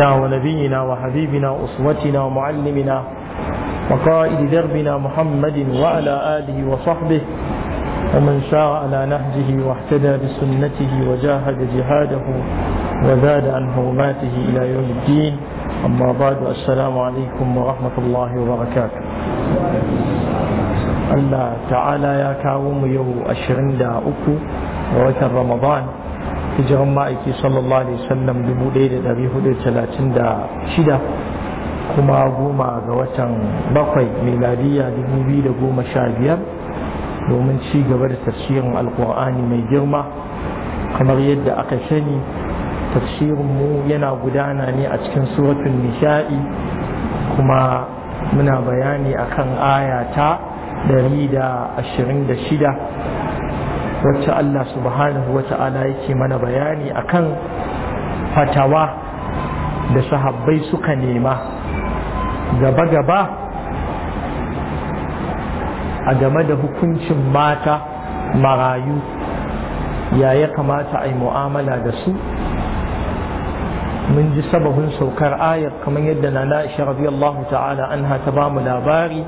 ونبينا وحبيبنا أسوتنا ومعلمنا وقائد دربنا محمد وعلى آله وصحبه ومن شاء على نهجه واحتدى بسنته وجاهد جهاده وزاد عن حرماته إلى يوم الدين أما بعد السلام عليكم ورحمة الله وبركاته الله تعالى يا كاوم يو أشرين أكو أكو رمضان hijiran ma'aiki sallallahu alaihi wasallam shida, kuma goma ga watan bakwai dubu da goma sha biyar. domin ci gaba da tafsirin alkur'ani mai girma kamar yadda aka sani tafsirinmu yana gudana ne a cikin suratun nisha'i kuma muna bayani akan ashirin da shida. wacce Allah subhanahu ta'ala yake mana bayani akan fatawa da sahabbai suka nema gaba-gaba a game da hukuncin mata marayu ya ya kamata a yi mu'amala da su mun ji sababin saukar ayar kamar yadda na na'isha radiyallahu ta'ala an ta bamu labari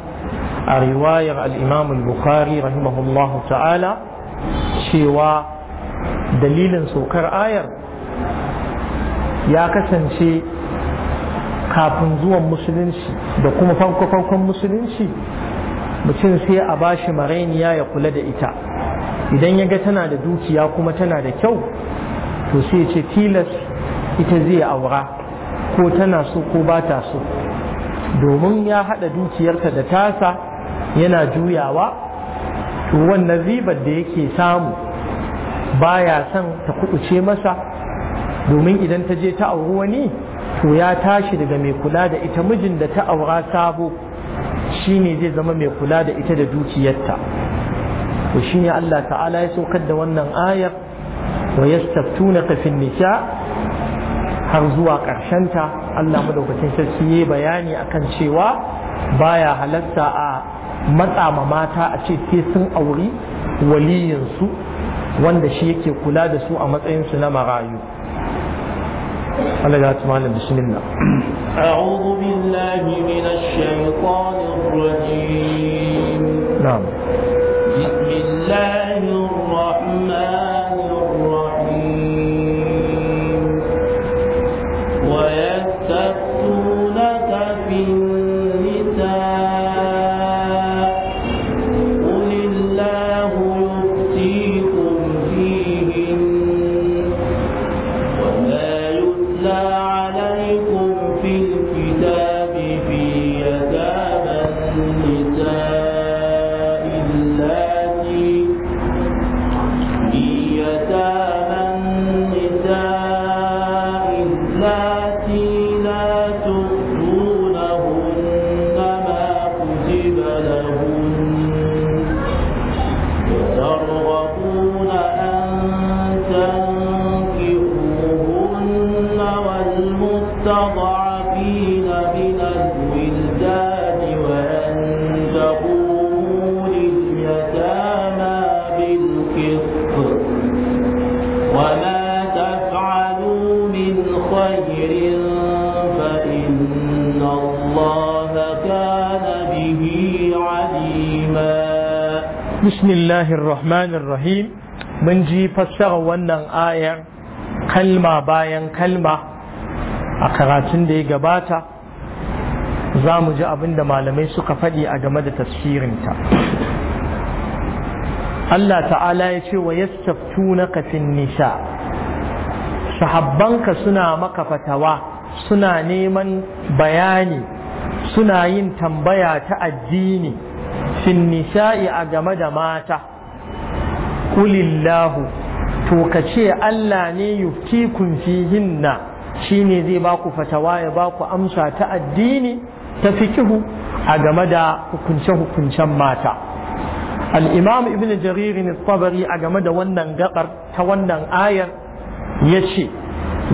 a riwayar al imamul bukhari rahimahullahu ta'ala cewa dalilin saukar ayar ya kasance kafin zuwan musulunci da kuma farko musulunci mutum sai a bashi marainiya ya kula da ita idan ya ga tana da dukiya kuma tana da kyau to sai ce tilas ita zai aura ko tana so ko ba ta so domin ya haɗa dukiyarta da tasa yana juyawa to wannan ribar da yake samu baya son ta kuɗuce masa domin idan ta je ta auri wani to ya tashi daga mai kula da ita mijin da ta aura sabo shine zai zama mai kula da ita da dukiyarta to shine Allah ta'ala ya saukar da wannan ayar wa yastaftunaka fin nisa har zuwa ƙarshenta Allah madaukakin sarki ya bayani akan cewa baya halatta a matsa ma mata a ce sai sun auri waliyinsu wanda shi yake kula da su a matsayinsu na marayu Allah ya tuma da bismillah أعوذ بالله من الشيطان الرجيم نعم بسم الله الله الرحمن الرحيم من جي فسر wannan ayar kalma bayan kalma a karatun da ya gabata za mu ji abin malamai suka faɗi a game da tafsirinta Allah ta'ala ya ce wa yastaftunaka fin nisa sahabbanka suna maka fatawa suna neman bayani suna yin tambaya ta addini fin nisa'i a game da mata kulillahu to ka ce Allah ne yuftikun fihinna shine zai baku fatawa ya baku amsa ta addini ta fikihu a game da hukunce-hukuncen mata al'imam ibn jaririn tsabari a game da wannan gaɓar ta wannan ayar ya ce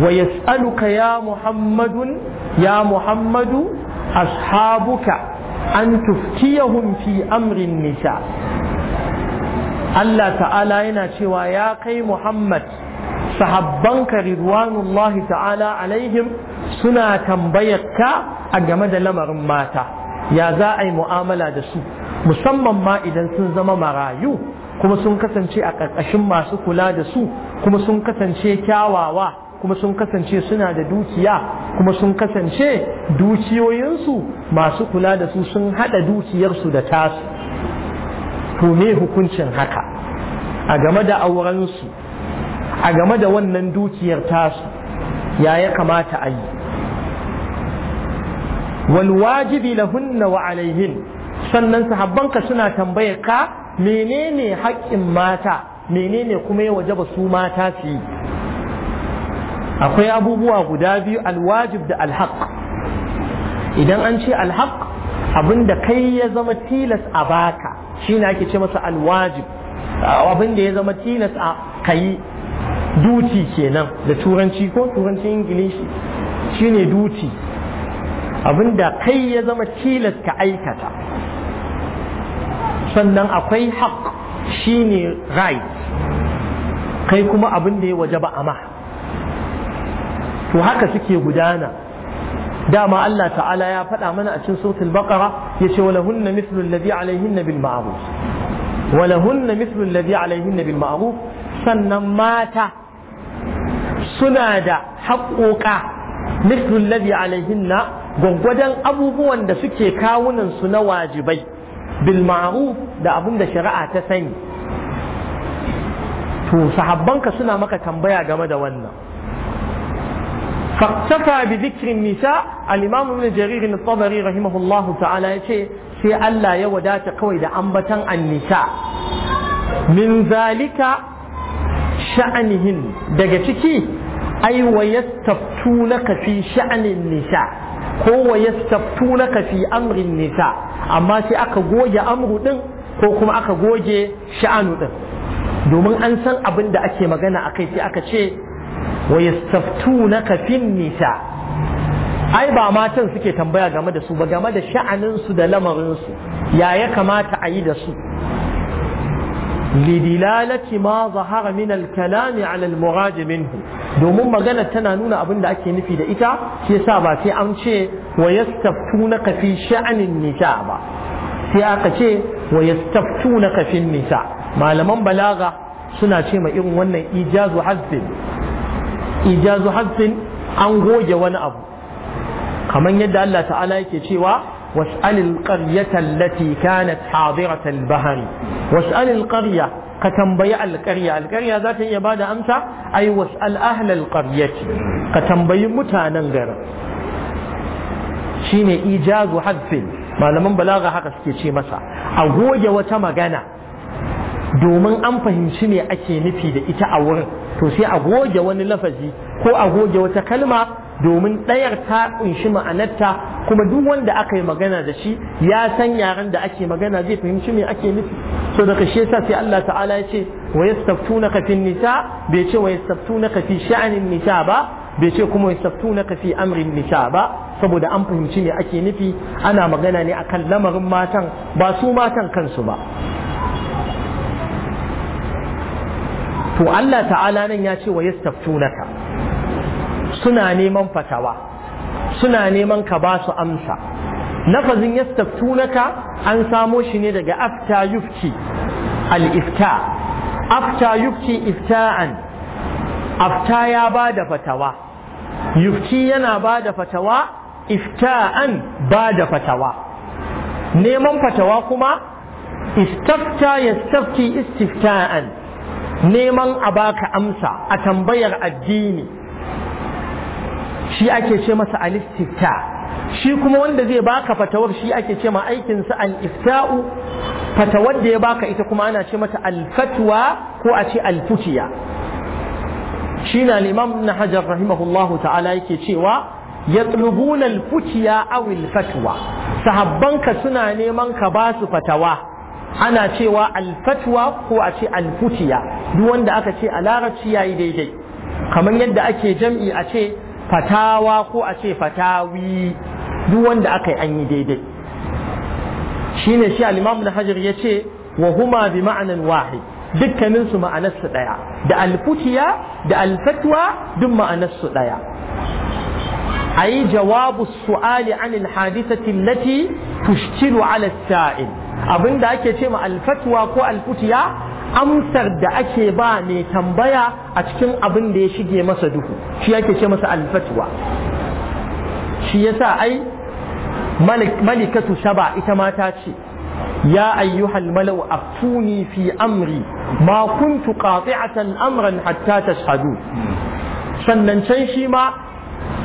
wa yas'aluka ya muhammadun ya muhammadu ashabuka an tufkiyahum fi amrin nisa Allah ta'ala yana cewa ya kai Muhammad sahabbanka ridwanullahi ta'ala alaihim suna ka a game da lamarin mata ya za a yi mu'amala da su musamman ma idan sun zama marayu kuma sun kasance a ƙarƙashin masu kula da su kuma sun kasance kyawawa kuma sun kasance suna da dukiya kuma sun kasance dukiyoyinsu masu kula da su sun haɗa dukiyarsu da tasu to me hukuncin haka a game da aurensu a game da wannan dukiyar tasu ya ya kamata a yi walwajibi lahunna wa alaihin sannan sahabbanka suna tambayar ka menene haƙƙin mata menene kuma ya wajaba su mata su yi akwai abubuwa guda biyu alwajib da alhaq idan an ce alhaq abinda kai ya zama tilas a baka shine ake ce masa alwajib abinda ya zama tilas a kayi duti kenan da turanci ko turanci ingilishi shine duti abinda kai ya zama tilas ka aikata sannan akwai haq shine right kai kuma abin da ya waje ba a ma to haka suke gudana dama Allah ta'ala ya faɗa mana a cikin sautul baqara yace walahunna mithlu alladhi alaihinna bil ma'ruf hunna mithlu alladhi alaihinna bil ma'ruf sannan mata suna da haƙoƙa mithlu alladhi alaihinna gwangwadan abubuwan da suke kawunan su na wajibai bil ma'ruf da abin da shari'a ta sani to sahabbanka suna maka tambaya game da wannan فاقتفى بذكر النساء الإمام ابن جرير الطبري رحمه الله تعالى يقول sai Allah ya wadata kawai da ambatan annisa min zalika sha'anihin daga ciki ai wa yastaftunaka fi sha'anin nisa ko wa yastaftunaka fi amrin nisa amma sai aka goge amru ɗin ko kuma aka goge sha'anu ɗin, domin an san abin da ake magana akai sai aka ce wa yastaftunaka fin nisa ai ba matan suke tambaya game da su ba game da sha'anin su da lamarin su ya ya kamata a yi da su lidilalati ma zahara min al-kalami ala al minhu domin magana tana nuna abin da ake nufi da ita shi yasa ba sai an ce wa yastaftunaka fi sha'anin nisa ba sai aka ce wa yastaftunaka fi nisa malaman balaga suna ce ma irin wannan ijazu hazzin ijazu hazfin an goge wani abu kamar yadda Allah ta'ala yake cewa was'alil qaryata allati kanat hadiratal bahri was'alil qarya ka tambayi alƙarya alƙarya za ta iya bada amsa ai was'al ahlal qaryati ka tambayi mutanen garin shine ijazu hadfin malaman balaga haka suke ce masa a goge wata magana domin an fahimci me ake nufi da ita a wurin to sai a goge wani lafazi ko a goge wata kalma domin ɗayar ta kunshi ma'anarta kuma duk wanda aka yi magana da shi ya san yaren da ake magana zai fahimci me ake nufi so daga shi yasa sai Allah ta'ala ya ce wa yastaftunaka fin nisa bai ce wa yastaftunaka fi sha'anin nisa ba bai ce kuma yastaftunaka fi amrin nisa ba saboda an fahimci me ake nufi ana magana ne akan lamarin matan ba su matan kansu ba to Allah ta'ala nan ya ce wa yastaftunaka suna neman fatawa suna neman ka ba su amsa lafazin yastaftunaka an samo shi ne daga afta yufti al-ifta afta yufti ifta'an afta ya ba da fatawa yufti yana ba da fatawa ifta'an ba da fatawa neman fatawa kuma istafta yastafti istifta'an neman a baka amsa a tambayar addini shi ake ce masa alistifta shi kuma wanda zai baka fatawar shi ake ce ma aikinsa al-ifta'u fatawar da ya baka ita kuma ana ce mata al-fatwa ko a ce al-futiya shi na limam na hajar rahimahullahu ta'ala yake cewa yatlubuna al-futiya aw fatwa sahabbanka suna neman ka ba su fatawa ana cewa alfatwa ko a ce alfutiya duk wanda aka ce a larabci yayi daidai kamar yadda ake jam'i a ce fatawa ko a ce fatawi duk wanda aka yi an yi daidai shine shi al-imam al-hajar ya wa huma bi ma'anan wahid dukkanin su ma'anarsu ɗaya da alfutiya da alfatwa duk ma'anarsu daya أي jawabu su'ali an الحادثة lati تشتل على السائل abinda ake ce ma alfatwa ko alfutiya amsar da ake ba mai tambaya a cikin abin da ya shige masa duhu shi yake ce masa alfatwa shi yasa ai malikatu shaba ita mata ce ya ayyuhal malau aftuni fi amri ma kuntu qati'atan amran hatta tashhadu sannan can shi ma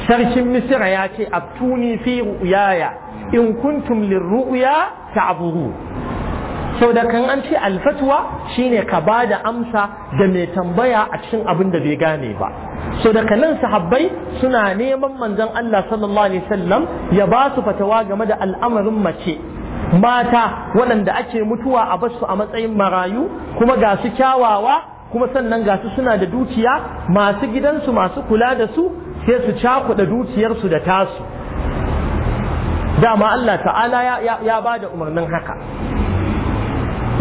sarkin misira ya ce aftuni fi ru'yaya in kuntum lirru'ya ta'buru Sau da kan an ce alfatwa shine ka ba da amsa da mai tambaya a cikin abin da bai gane ba da kan nan sahabbai suna neman manzon Allah sallallahu alaihi wasallam ya ba su fatawa game da al'amarin mace mata waɗanda ake mutuwa a basu a matsayin marayu kuma ga su kyawawa kuma sannan ga su suna da dukiya masu gidansu masu kula da su sai su cakuɗa dukiyarsu da tasu dama Allah ta'ala ya ba da umarnin haka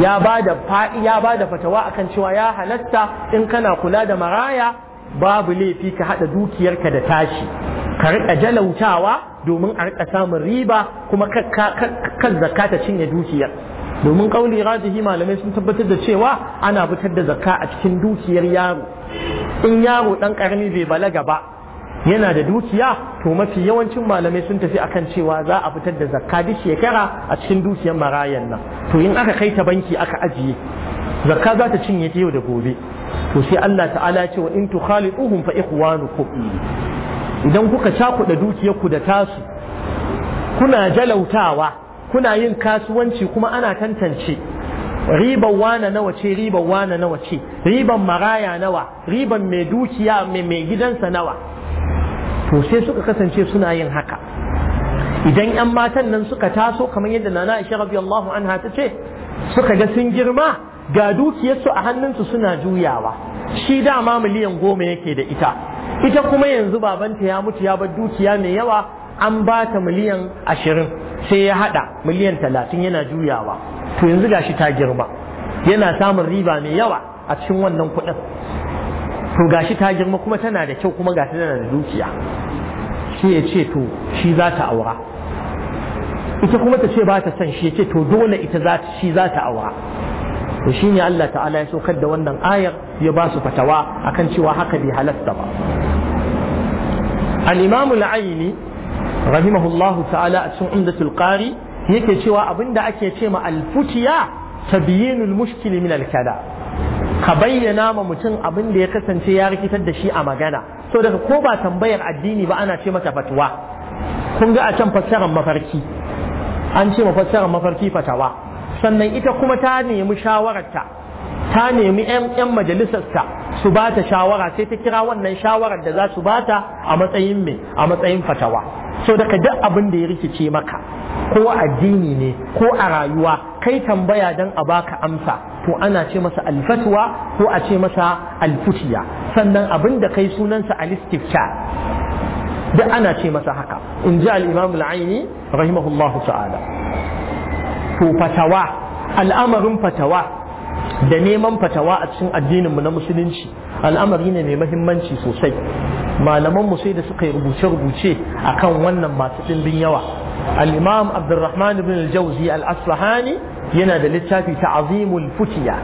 ya ba da fa'i ya ba da fatawa akan cewa ya halatta in kana kula da maraya babu laifi ka haɗa dukiyarka da tashi ka riƙa jalautawa domin a riƙa samun riba kuma kan zakka ta cinye dukiyar domin kauli rajihi malamai sun tabbatar da cewa ana fitar da zakka a cikin dukiyar yaro in yaro ɗan ƙarami bai balaga ba yana da dukiya to mafi yawancin malamai sun tafi akan cewa za a fitar da zakka duk shekara a cikin dukiyar marayan nan to in aka kai ta banki aka ajiye zakka za ta cinye ta yau da gobe to sai Allah ta'ala ce wa in tukhaliquhum fa ikhwanukum idan kuka cakuɗa ku da tasu kuna jalautawa kuna yin kasuwanci kuma ana tantance riban wana nawa ce riban wana nawa ce ribar maraya nawa riban mai dukiya mai gidansa nawa to sai suka kasance suna yin haka idan 'yan matan nan suka taso kamar yadda nana isha radiyallahu anha ta ce suka ga sun girma ga dukiyarsu a hannunsu suna juyawa shi dama miliyan goma yake da ita ita kuma yanzu babanta ya mutu ya bar dukiya mai yawa an ba ta miliyan ashirin sai ya hada miliyan talatin yana juyawa to yanzu gashi ta girma yana samun riba mai yawa a cikin wannan kuɗin to gashi ta girma kuma tana da kyau kuma gashi tana da dukiya shi ya ce to shi za ta aura ita kuma ta ce ba ta son shi ya ce to dole ita za ta shi za ta aura to ne Allah ta'ala ya saukar da wannan ayar ya ba su fatawa akan cewa haka bai halasta ba al-imam al-aini rahimahullahu ta'ala a cikin umdatul qari yake cewa abinda ake ce ma al-futiya tabyinul mushkili min al-kada ka bayyana ma mutum abin da ya kasance ya rikitar da shi a magana so daga ko ba tambayar addini ba ana ce mata fatuwa kun ga a can fassarar mafarki an ce ma mafassarar mafarki fatawa sannan ita kuma ta nemi shawararta ta nemi 'yan majalisarta su ba ta shawara sai ta kira wannan shawarar da za su ba ta a matsayin mai a matsayin fatawa so daga duk abin da ya rikice maka ko addini ne ko a rayuwa kai tambaya don a baka amsa to ana ce masa alfatwa ko a ce masa alfutiya sannan abin da kai sunansa alistifta da ana ce masa haka in ji al'imam al'aini rahimahullahu ta'ala to fatawa al'amarin fatawa da neman fatawa a cikin addininmu na musulunci al'amari ne mai mahimmanci sosai malaman mu sai da suka yi rubuce-rubuce akan wannan masu ɗimbin yawa al-imam abdurrahman ibn al al-asfahani yana da littafi ta'zimul futiya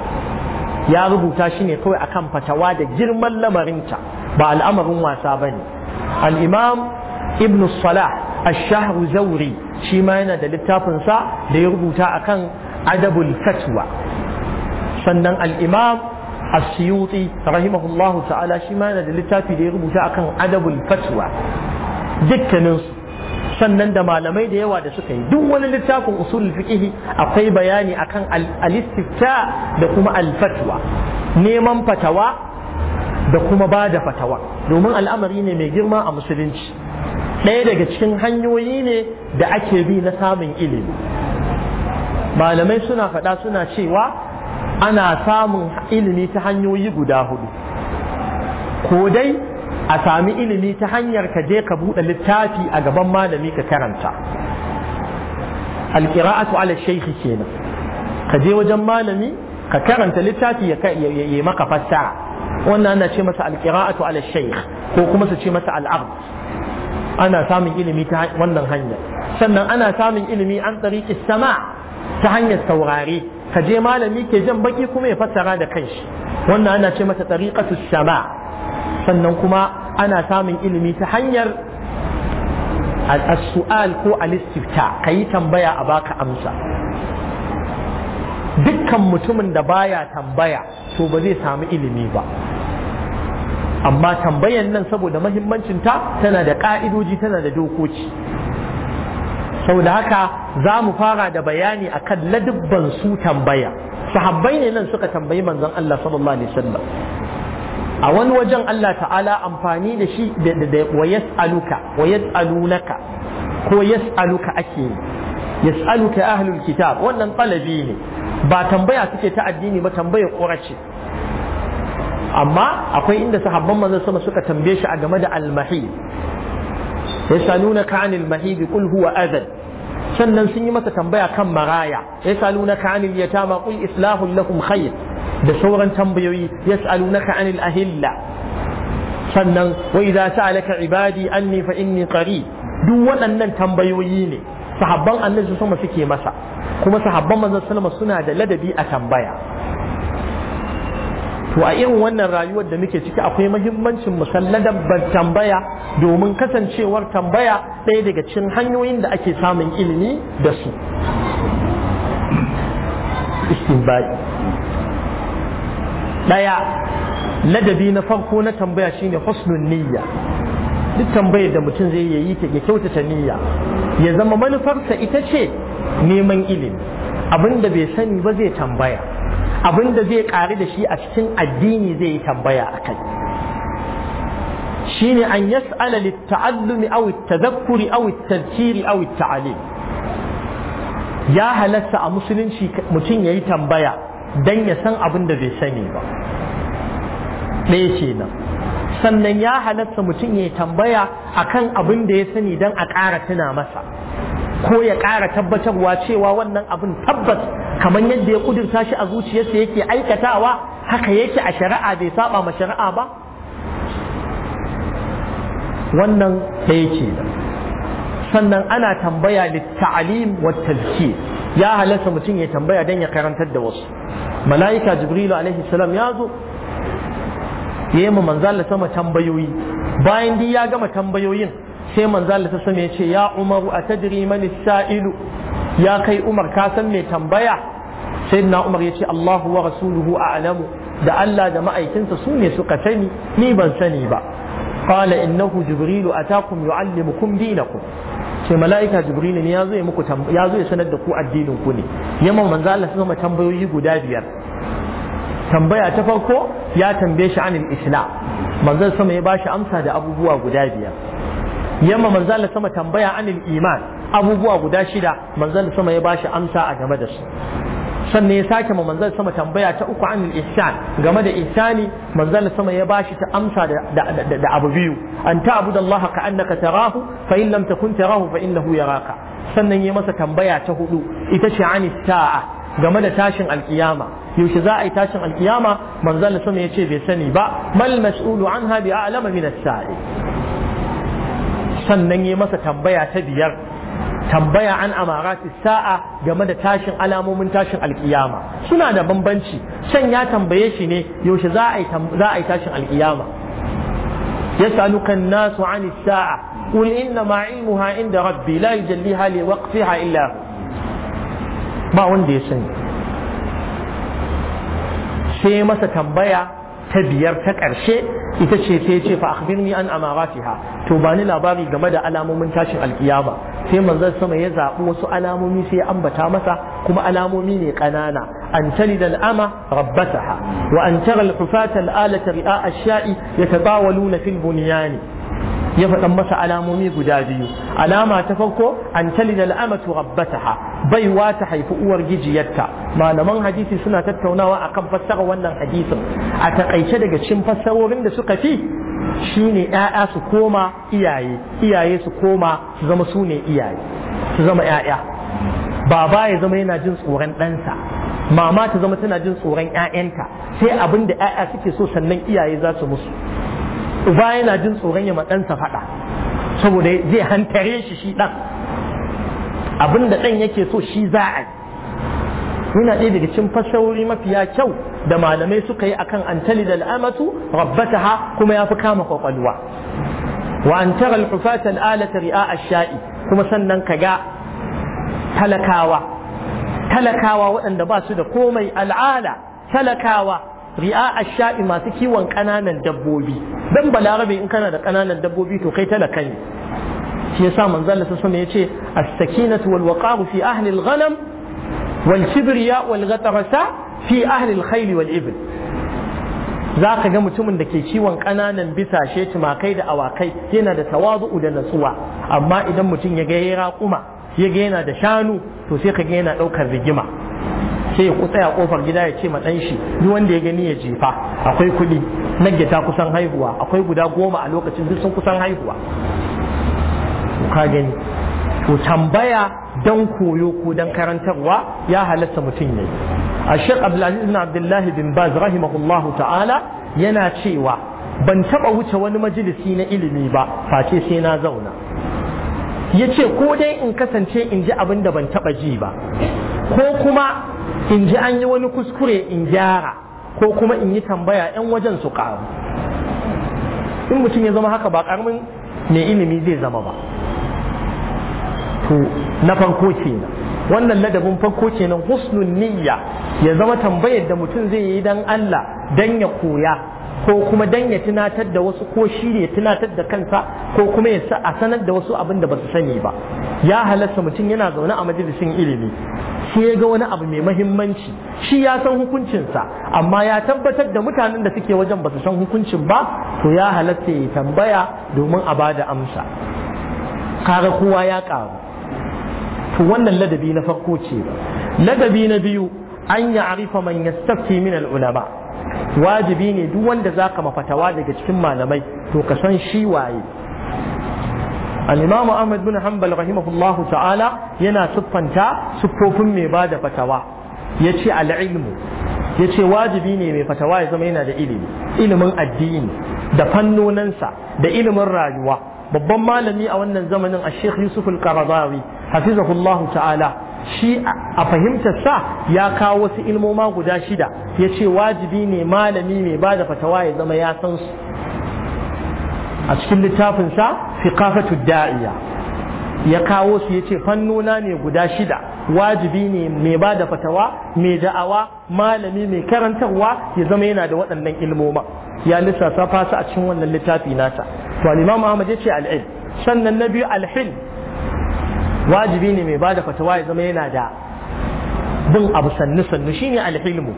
ya rubuta shi ne kawai akan fatawa da girman lamarinta ba al'amarin wasa ba ne. Al'imam ibn salah الشهر زوري shi ma yana da littafinsa da ya rubuta a kan adabul sannan al'imam asiyuti rahimahullahu ta'ala shi yana da littafin da ya rubuta akan kan adabul fatwa dukkaninsu sannan da malamai da yawa da suka yi duk wani littafin usul fiqh akwai bayani akan al-istifta da kuma al-fatwa neman fatawa da kuma ba da fatawa domin al'amari ne mai girma a musulunci ɗaya daga cikin hanyoyi ne da ake bi na samun ilimi malamai suna faɗa suna cewa ana samun ilimi ta hanyoyi guda hudu ko dai a sami ilimi ta hanyar ka je ka buɗe littafi a gaban malami ka karanta alƙira'atu ala shaikhi kenan ka je wajen malami ka karanta littafi ya maka fassara wannan ana ce masa alƙira'atu ala shaikh ko kuma su ce masa al'ard ana samun ilimi ta wannan hanya sannan ana samun ilimi an tsariki sama ta hanyar saurare ka je malami ke jan baki kuma ya fassara da kanshi wannan ana ce masa tsariƙatu sama sannan kuma ana samun ilimi ta hanyar al-su'al ko al-istifta kayi tambaya a baka amsa dukkan mutumin da baya tambaya to ba zai samu ilimi ba amma tambayan nan saboda mahimmancinta tana da ka'idoji tana da dokoki saboda haka za mu fara da bayani akan ladubban su tambaya sahabbai ne nan suka tambayi manzon Allah sallallahu alaihi wasallam a wani wajen Allah ta'ala amfani da shi da wa yas'aluka wa yas'alunaka ko yas'aluka ake yas'aluka ahlul kitab wannan talabi ne ba tambaya suke ta addini ba tambaya ƙorace amma akwai inda sahabban maza sama suka tambaye shi a game da almahi yasalunaka anil mahidi qul huwa adhan sannan sun yi masa tambaya kan maraya yasalunaka anil yatama qul islahul lahum khair da sauran tambayoyi ya ka anil ahilla sannan wai za ta alaka ibadi anni in ni tsari duk waɗannan tambayoyi ne sahabban annabi sama suke masa kuma sahabban manzon sallama suna da ladabi a tambaya to a irin wannan rayuwar da muke ciki akwai mahimmancin musalladan ban tambaya domin kasancewar tambaya ɗaya daga cikin hanyoyin da ake samun ilimi da su istinbai ɗaya ladabi na farko na tambaya shine husnun niyya duk tambayar da mutum zai yi ta ya kyautata niyya ya zama manufarsa ita ce neman ilimi abin da bai sani ba zai tambaya abin da zai ƙari da shi a cikin addini zai yi tambaya a kai shine an yas'ala litta'allumi aw at-tadhakkuri aw at-tadhkiri aw at-ta'lim ya halatta a musulunci mutum yayi tambaya dan ya san abin da bai sani ba ɗaya ce nan sannan ya halatta mutum ya tambaya a kan abin da ya sani dan a ƙara tuna masa ko ya ƙara tabbatarwa cewa wannan abin tabbas kamar yadda ya ƙudurta shi a zuciyarsa yake aikatawa haka yake a shari'a bai saba ma shari'a ba wannan ɗaya ce sannan ana tambaya litta'alim wa tazkir ya halarta mutum ya tambaya don ya karantar da wasu mala'ika jibrilu alaihi salam ya zo ya yi sama tambayoyi bayan duk ya gama tambayoyin sai manzala ta sama ya ce ya umaru a tadri mani sa'ilu ya kai umar ka san mai tambaya sai na umar ya ce allahu wa rasuluhu a alamu da allah da ma'aikinsa su ne suka sani ni ban sani ba قال innahu jibrilu atakum يعلمكم دينكم Sai mala'ika jibrilu ne ya zo ya muku ya sanar da ku addinin ku ne yamma manzo Allah tambayoyi guda biyar tambaya ta farko ya tambaye shi anil islam manzo sama ya bashi amsa da abubuwa guda biyar yamma manzo Allah sama tambaya anil iman abubuwa guda shida manzo sama ya bashi amsa a game da su sannan ya sake ma manzal sama tambaya ta uku an ihsan game da ihsani manzal sama ya bashi ta amsa da abu biyu an ta'budu Allah ka annaka tarahu fa in lam takun tarahu fa innahu yaraka sannan ya masa tambaya ta hudu ita ce an sa'a game da tashin alkiyama yaushe za a yi tashin alkiyama manzal sama ya ce bai sani ba mal mas'ulu anha bi a'lama min as-sa'i sannan ya masa tambaya ta biyar tambaya an amarati sa'a game da tashin alamomin tashin alkiyama suna da bambanci can ya tambaye shi ne yaushe za a yi tashin alkiyama yas'aluka an-nasu 'ani sa'a qul inna ma 'ilmuha 'inda rabbi la yujalliha li waqtiha illa ba wanda ya sani sai masa tambaya ta biyar ta ƙarshe ita ce sai ce fa akhbirni an amaratiha to ba ni labari game da alamomin tashin alkiyama sai manzon sama ya zaɓi wasu alamomi sai ya ambata masa kuma alamomi ne ƙanana an talida al'ama rabbataha wa an tara al-hufata al-alata ri'a ash-sha'i yatabawaluna fil bunyani ya faɗan masa alamomi guda biyu alama ta farko an talida al'amatu rabbataha baiwa ta haifi uwar gijiyarta malaman hadisi suna tattaunawa akan fassara wannan hadisin a takaice daga cikin fassarorin da suka fi shine ƴaƴa su koma iyaye iyaye su koma su zama su ne iyaye su zama ƴaƴa baba ya zama yana jin tsoron ɗansa mama ta zama tana jin tsoron ƴaƴanta sai abin da ƴaƴa suke so sannan iyaye za su musu uba yana jin tsoron ya ɗansa faɗa saboda zai hantare shi shi ɗan abin da ɗan yake so shi za a yi yana ɗaya daga cikin fasarori mafiya kyau da malamai suka yi akan antali da al'amatu rabbataha kuma ya fi kama kwakwalwa wa an tara al-hufata ri'a shai kuma sannan ka ga talakawa talakawa waɗanda ba su da komai al'ala talakawa ri'a asha'i masu kiwon ƙananan dabbobi dan balarabe in kana da ƙananan dabbobi to kai talaka ne shi yasa manzo Allah sallallahu alaihi yace as-sakinatu wal waqaru fi ahli al-ghanam wal wal fi ahli al-khayl wal ibl zaka ga mutumin da ke kiwon ƙananan bisashe tumakai da awakai yana da tawazu'u da natsuwa amma idan mutum ya ga ya raƙuma ya ga yana da shanu to sai ka ga yana ɗaukar rigima sai ya tsaya kofar gida ya ce ma ɗan shi duk wanda ya gani ya jefa akwai kuɗi na ta kusan haihuwa akwai guda goma a lokacin duk sun kusan haihuwa ka gani to tambaya dan koyo ko dan karantarwa ya halatta mutum ne. a shek abdulaziz bin abdullahi bin baz rahimahullahu ta'ala yana cewa ban taɓa wuce wani majalisi na ilimi ba face sai na zauna ya ce ko dai in kasance in ji abin da ban taɓa ji ba ko kuma in ji an yi wani kuskure in gyara ko kuma in yi tambaya 'yan wajen su ƙaru in mutum ya zama haka ba ƙaramin mai ilimi zai zama ba to na farko kenan wannan ladabin farko kenan husnun niyya ya zama tambayar da mutum zai yi dan Allah dan ya koya ko kuma dan ya tunatar da wasu ko shi ne ya tunatar da kansa ko kuma ya a sanar da wasu abin da ba su sani ba ya halasta mutum yana zaune a majalisin ilimi sai ya ga wani abu mai mahimmanci shi ya san hukuncinsa amma ya tabbatar da mutanen da suke wajen ba su san hukuncin ba to ya halarta ya tambaya domin a bada amsa kaga kowa ya karu to wannan ladabi na farko ce ladabi na biyu an ya arifa man yastafi min al ulama wajibi ne duk wanda za ka mafatawa daga cikin malamai to ka san shi waye al ahmad bin hanbal rahimahullah ta'ala yana siffanta siffofin mai ba da fatawa yace al'ilmu ya yace wajibi ne mai fatawa ya zama yana da ilimi ilimin addini da fannoninsa da ilimin rayuwa babban malami a wannan zamanin a sheikh yusuf al-qaradawi hafizahullahu ta'ala shi a fahimtar sa ya kawo wasu ilmoma guda shida ya ce wajibi ne malami mai ba da fatawa ya zama ya san su a cikin littafin sa fiqafatu da'iya ya kawo su ya ce fannona ne guda shida wajibi ne mai ba da fatawa mai da'awa malami mai karantarwa ya zama yana da waɗannan ilmoma ya lissafa su a cikin wannan littafi nata to al-imam Ahmad ya ce al sannan na biyu al wajibi ne mai bada fatawa ya zama yana da bin abu sannu sannu shine alhilmu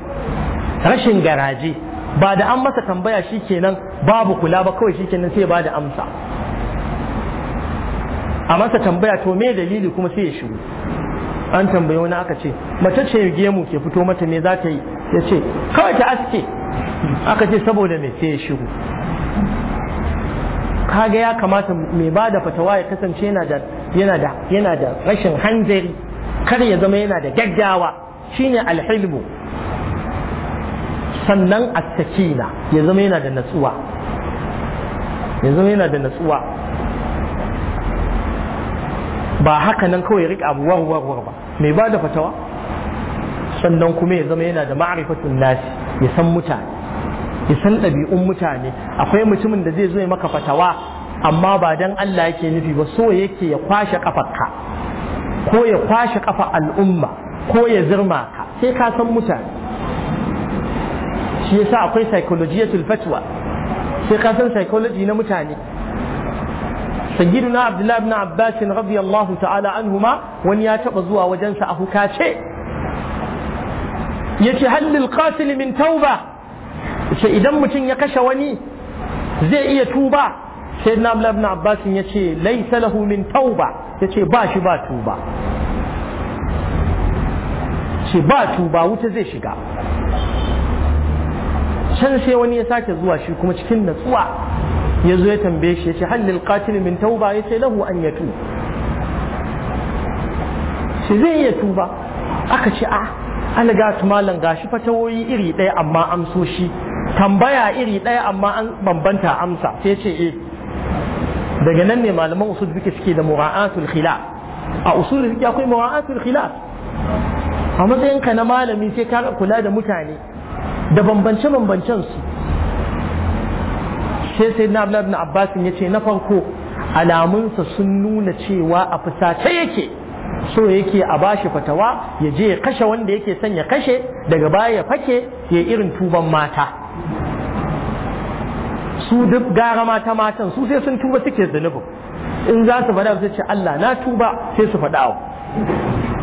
rashin garaje ba da an masa tambaya shikenan babu kula ba kawai shikenan sai ba da amsa a masa tambaya to me dalili kuma sai ya shigo an tambayi wani aka ce mace ce gemu ke fito mata me za ta yi ya ce kawai ta aske aka ce saboda me sai ya shigo kaga ya kamata mai ba da fatawa ya kasance yana da yana da yana da rashin hanzari kar ya zama yana da gaggawa shine alhilmu sannan as-sakina ya zama yana da natsuwa ya zama yana da natsuwa ba haka nan kawai rika abu warwarwar ba mai ba da fatawa sannan kuma ya zama yana da ma'arifatun nasi ya san mutane ya san ɗabi'un mutane akwai mutumin da zai zo maka fatawa amma ba dan Allah yake nufi ba so yake ya kwashe kafarka ko ya kwashe kafa al'umma ko ya zirma ka sai ka san mutane shi yasa akwai psychologiyatul fatwa sai ka san psychology na mutane sayyiduna abdullahi ibn abbas radiyallahu ta'ala ma wani ya taba zuwa wajensa a hukace yace halil qatil min tauba ce idan mutum ya kashe wani zai iya tuba sai na abu na abbasin ya ce laisa lahu min tauba ya ce ba shi ba tuba ce ba tuba wuta zai shiga can sai wani ya sake zuwa shi kuma cikin natsuwa ya zo ya tambaye shi ya ce hallil qatil min tauba ya ce lahu an yatu shi zai iya tuba aka ce ah, a algatu malam gashi fatawoyi iri ɗaya amma amsoshi tambaya iri ɗaya amma an bambanta amsa sai ce eh daga nan ne malaman usul fiqh suke da mura'atul khilaf a usul fiqh akwai mura'atul khilaf a matsayin ka na malami sai ka kula da mutane da bambance bambancen su sai sai na na abbas ya ce na farko alamunsa sun nuna cewa a fusace yake so yake a bashi fatawa ya je ya kashe wanda yake son ya kashe daga baya ya fake ya irin tuban mata su duk gara mata matan su sai sun tuba suke zunubin in za su faɗa su ce Allah na tuba sai su faɗa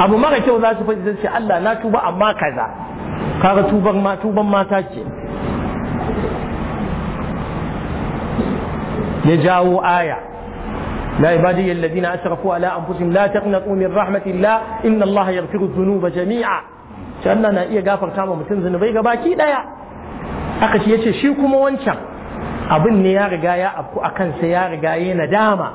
abu mara kyau za su faɗi sai su ce Allah na tuba amma kaza kaga tuban ma tuban mata ce ya jawo aya لا عبادي الذين أسرفوا على أنفسهم لا تقنطوا من jami'a. الله na الله يغفر الذنوب جميعا شأننا إيه غافر كاما متنزن بيغا باكي لا أكش يتشي كما وانشان abin ne ya riga ya afku a kansa ya riga ya nadama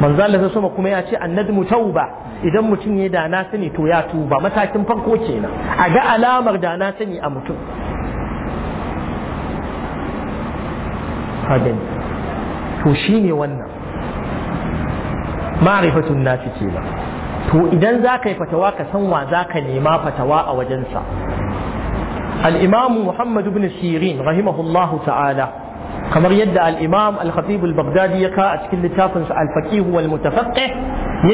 manzo Allah sai sama kuma ya ce annadmu tauba idan mutum ya na sani to ya tuba matakin farko kenan a ga alamar da na sani a mutum hagan to shine wannan ma'rifatun nasi kenan to idan za ka yi fatawa ka san wa za ka nema fatawa a wajensa al محمد Muhammadu bin رحمه rahimahullahu تعالى kamar yadda al-imam al ya ka a cikin littafinsa sa al-faqih wal mutafaqqih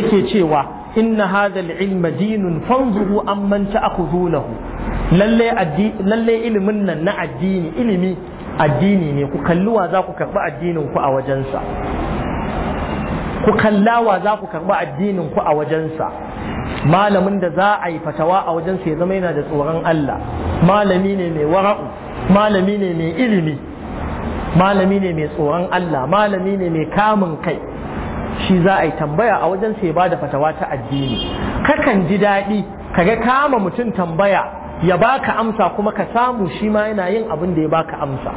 yake cewa inna hadha al-ilma dinun fanzuru amman ta'khudunahu lalle lalle ilimin nan na addini ilimi addini ne ku kalluwa za ku karba addinin ku a wajensa ku kallawa za ku karba addinin a wajensa malamin da za a yi fatawa a wajensa ya zama yana da tsoron Allah malami ne mai wara'u malami ne mai ilimi malami ne mai tsoron Allah malami ne mai kamun kai shi za a yi tambaya a wajen sai ba da fatawa ta addini kakan ji daɗi ka kaga kama mutum tambaya ya baka amsa kuma ka samu shi ma yana yin abin da ya baka amsa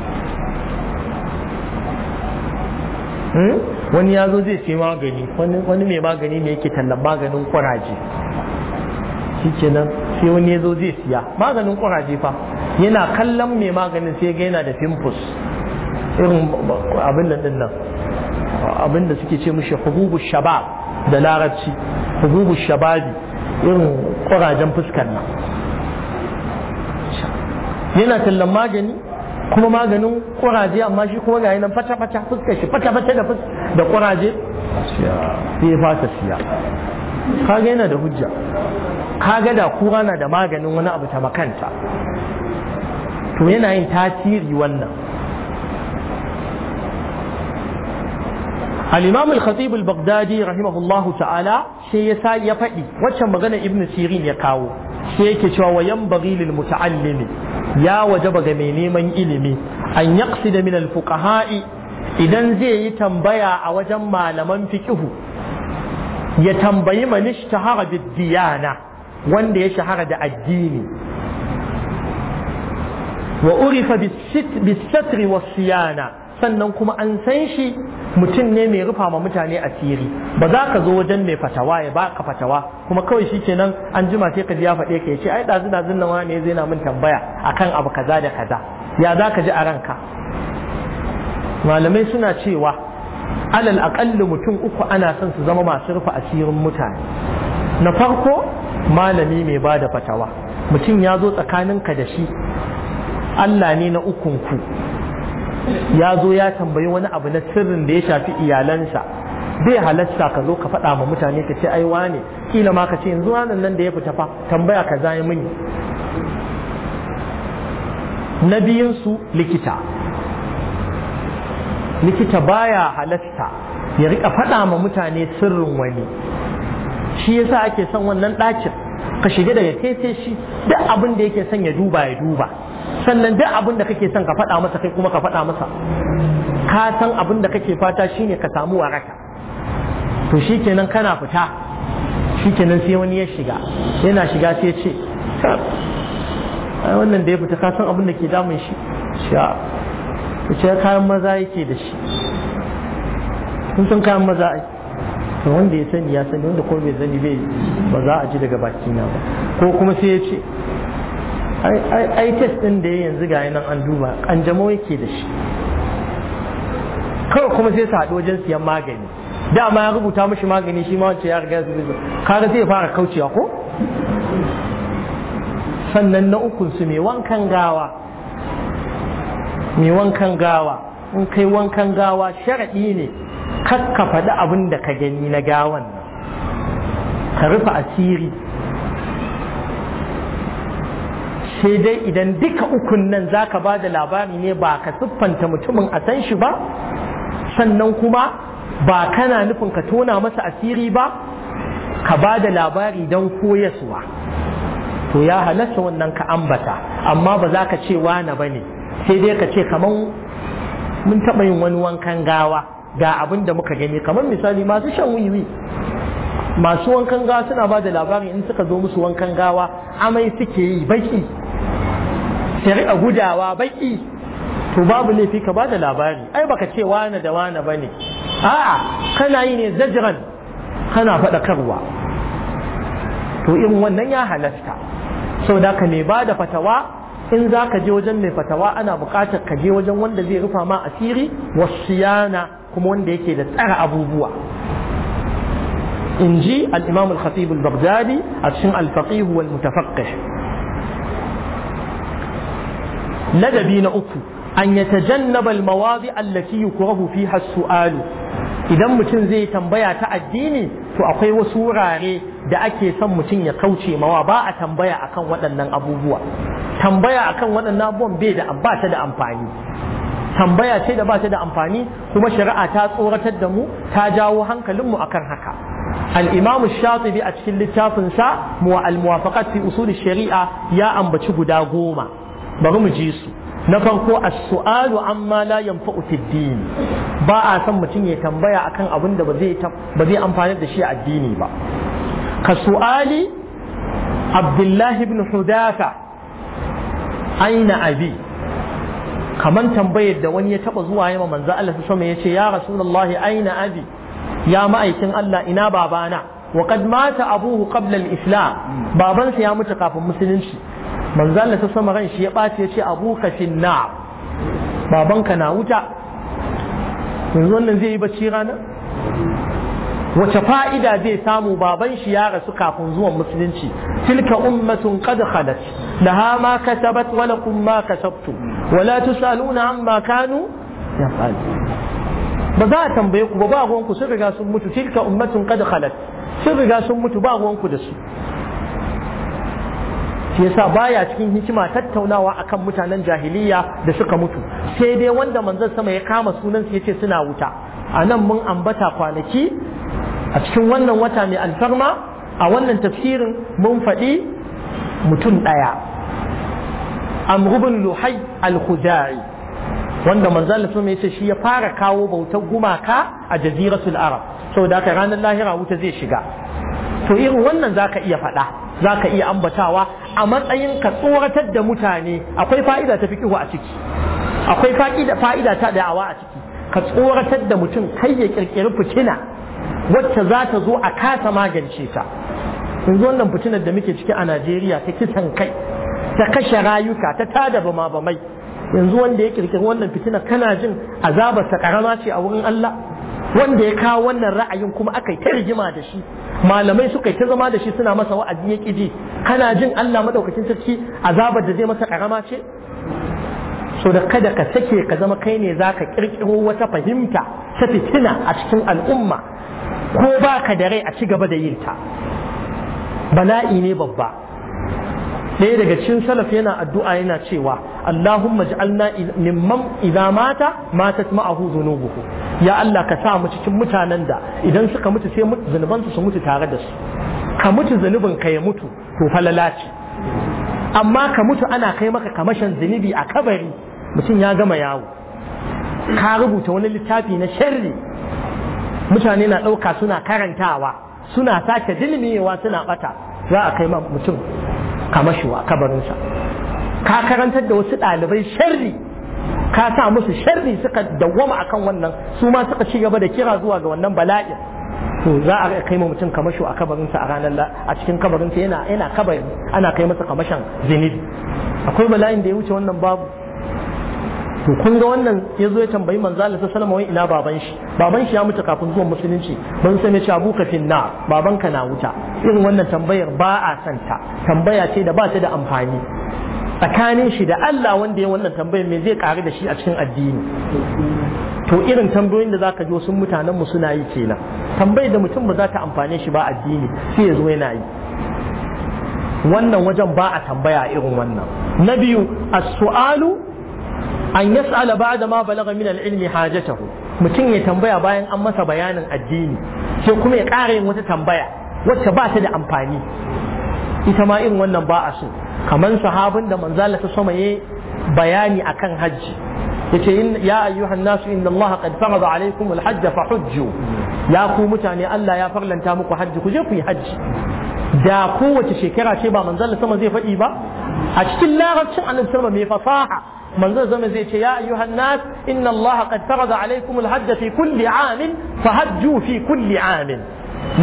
hmm? wani ya zo zai sai magani wani mai magani ne yake tallan maganin kuraje shi kenan sai wani ya zo zai siya maganin kuraje fa yana kallon mai maganin sai ga yana da pimples irin abin da din nan abin da suke ce mishi hububu shabab da larabci hububu shababi irin kurajen fuskar nan yana tallan magani kuma maganin kuraje amma shi kuma ga nan fata-fata fuskar shi fata-fata da da kuraje ya yi fata siya kaga yana da hujja kaga da kura na da maganin wani abu ta makanta to yana yin tasiri wannan al-imam al rahimahullahu ta'ala sai ya sa ya faɗi waccan magana ibn sirin ya kawo sai yake cewa wa yanbaghi lil muta'allimi ya wajaba ga mai neman ilimi an yaqsida min al-fuqaha'i idan zai yi tambaya a wajen malaman fikihu, ya tambayi manishtahara bid-diyana wanda ya shahara da addini wa urifa bis-satri was sannan kuma an san shi mutum ne mai rufa ma mutane asiri ba za ka zo wajen mai fatawa ya ba ka fatawa kuma kawai shi kenan an jima sai ka ji ya faɗe ka ya ce ai dazu ɗazun nan wani zai na min tambaya akan abu kaza da kaza ya za ka ji a ranka malamai suna cewa alal aƙalli mutum uku ana son su zama masu rufe asirin mutane na farko malami mai ba da fatawa mutum ya zo tsakaninka da shi Allah ne na ukunku ya zo ya tambayi wani abu na sirrin da ya shafi iyalansa Zai halasta ka zo ka faɗa ma mutane ka ce ai wane kila ma ka ce yanzu wannan nan da ya fita fa tambaya ka zai mini na biyunsu likita likita baya halasta. ya rika faɗa ma mutane sirrin wani shi yasa ake son wannan ɗakin ka shiga daga kai sai shi duk abin da yake son ya duba ya duba sannan duk abin da kake son ka faɗa masa kai kuma ka faɗa masa ka san abin da kake fata shine ka samu waraka to shikenan kana fita shikenan sai wani ya shiga yana shiga sai ya ce ai wannan da ya fita ka san abin da ke damun shi to ce kayan maza yake da shi kun san kayan maza ai to wanda ya sani ya sani wanda ko bai sani bai ba za a ji daga bakina ba ko kuma sai ya ce ai test ɗin da ya yanzu ga nan an duba yake da shi kawai kuma sai su haɗu wajen siyan magani dama ya rubuta mashi magani shi ma wancan ya riga ya zuba kaga sai ya fara kaucewa ko sannan na ukun su mai wankan gawa mai wankan gawa in kai wankan gawa sharaɗi ne kakka faɗi abin da ka gani na gawan nan ka rufe asiri sai dai idan duka ukun nan za ka ba da labari ne ba ka siffanta mutumin a san shi ba sannan kuma ba kana nufin ka tona masa asiri ba ka ba da labari don koyaswa to ya halasta wannan ka ambata amma ba za ka ce wane ba ne sai dai ka ce kamar mun taɓa yin wani wankan gawa ga abin da muka gani kamar misali masu shan wiwi masu wankan gawa suna ba da labari in suka zo musu wankan gawa amai suke yi baki ta riƙa gudawa baƙi to babu laifi ka bada labari ai baka ce wane da wane ba ne a'a kana yi ne zajiran kana faɗakarwa to irin wannan ya halasta sau da ka mai ba da fatawa in za ka je wajen mai fatawa ana buƙatar ka je wajen wanda zai rufa ma asiri wasiyana kuma wanda yake da tsara abubuwa in ji al-imam al-khatib al-baghdadi a cikin al-faqih wal mutafaqqih ladabi na uku an ya tajannaba almawadi allati yukrahu fiha su'alu idan mutum zai tambaya ta addini to akwai wasu wurare da ake son mutum ya kauce mawa ba a tambaya akan waɗannan abubuwa tambaya akan waɗannan abubuwan bai da ba ta da amfani tambaya ce da ba ta da amfani kuma shari'a ta tsoratar da mu ta jawo hankalinmu akan haka al-imamu shatibi a cikin littafin sa, al-muwafaqat shari'a ya ambaci guda goma bari mu ji su na farko a sualu amma la yanfa'u fi din ba a san mutum ya tambaya akan abin da ba zai ba da shi a addini ba ka su'ali Abdullahi ibn Hudafa aina abi kaman tambayar da wani ya taba zuwa yamma manzo Allah sama yace ya rasulallah aina abi ya ma'aikin Allah ina babana wa qad mata abuhu qabla al-islam babansa ya mutu kafin musulunci manzo Allah ta sama ran shi ya ɓace ya ce abuka na babanka na wuta yanzu wannan zai yi bacci rana wace fa'ida zai samu baban shi ya rasu kafin zuwan musulunci tilka ummatun qad khalat laha ma kasabat wa lakum ma kasabtum wa la tusaluna amma kanu yaf'al ba za a tambaye ku ba ba ruwanku sun riga sun mutu tilka ummatun qad khalat sun riga sun mutu ba ruwanku da su shi yasa baya cikin hikima tattaunawa akan mutanen jahiliya da suka mutu sai dai wanda manzon sama ya kama sunan su yace suna wuta a nan mun ambata kwanaki a cikin wannan wata mai alfarma a wannan tafsirin mun faɗi mutum ɗaya amrubin luhai al wanda manzon Allah sama yace shi ya fara kawo bautar gumaka a jaziratul arab saboda haka ranar lahira wuta zai shiga to irin wannan zaka iya faɗa za ka iya ambatawa a matsayin ka tsoratar da mutane akwai fa'ida ta fiqhu a ciki akwai fa'ida ta da'awa a ciki ka tsoratar da mutum kai ya kirkiri fitina wacce za ta zo a kasa magance ta yanzu wannan fitinar da muke ciki a Najeriya ta kisan kai ta kashe rayuka ta tada bama bamai yanzu wanda ya kirkiri wannan fitina kana jin azabar ta karama ce a wurin Allah wanda ya kawo wannan ra'ayin kuma aka yi ta rigima da shi malamai suka yi ta zama da shi suna masa wa'azi ya ƙiji kana jin Allah madaukakin sarki azabar da zai masa karama ce so da kada ka sake ka zama kai ne zaka kirkiro wata fahimta ta fitina a cikin al'umma ko baka da rai a ci gaba da yin ta bala'i ne babba ɗaya daga cikin salaf yana addu'a yana cewa Allahumma ja'alna mimman idza mata matat ma'ahu dhunubuhu ya Allah ka sa mu cikin mutanen da idan suka mutu sai zunuban su mutu tare da su ka mutu zunubin ka ya mutu to falala amma ka mutu ana kai maka kamashin zunubi a kabari mutum ya gama yawo ka rubuta wani littafi na sharri mutane na ɗauka suna karantawa suna sake dilmiyewa suna bata za a kai mutum kamashu a kabarinsa ka karantar da wasu ɗalibai sharri ka sa musu sharri suka dawwama akan wannan su ma suka ci gaba da kira zuwa ga wannan bala'in to za a kai ma mutum kamasho a kabarinsa a ranar a cikin kabarinsa yana yana ana kai masa kamashan zinid akwai bala'in da ya wuce wannan babu to kun ga wannan ya zo ya tambayi manzo Allah sallallahu alaihi ina baban shi baban shi ya mutu kafin zuwa musulunci ban ya ce abu ka finna baban ka na wuta irin wannan tambayar ba a santa tambaya ce da ba ta da amfani tsakanin shi da Allah wanda ya wannan tambayar me zai karu da shi a cikin addini to irin tambayoyin da zaka ji sun mutanen mu suna yi kenan tambayar da mutum ba za ta amfane shi ba addini sai ya zo yana yi wannan wajen ba a tambaya irin wannan na biyu as-su'alu an yas'ala ba'da ma balagha min al-ilmi hajatahu mutum ya tambaya bayan an masa bayanin addini sai kuma ya ƙara yin wata tambaya wacce ba ta da amfani ita ma irin wannan ba a so kamar sahabin da manzala ta sama ya bayani akan hajji yace ya ayyuhan nasu inna allaha qad farada alaykum alhajj fa hujju ya ku mutane Allah ya farlanta muku hajji ku je ku yi hajji da kowace shekara ce ba manzon sama zai faɗi ba a cikin larabcin annabi sallallahu alaihi wasallam mai fasaha manzo zama zai ce ya ayyuhan nas inna Allah qad farada alaikum alhajj fi kulli amin fahajju fi kulli amin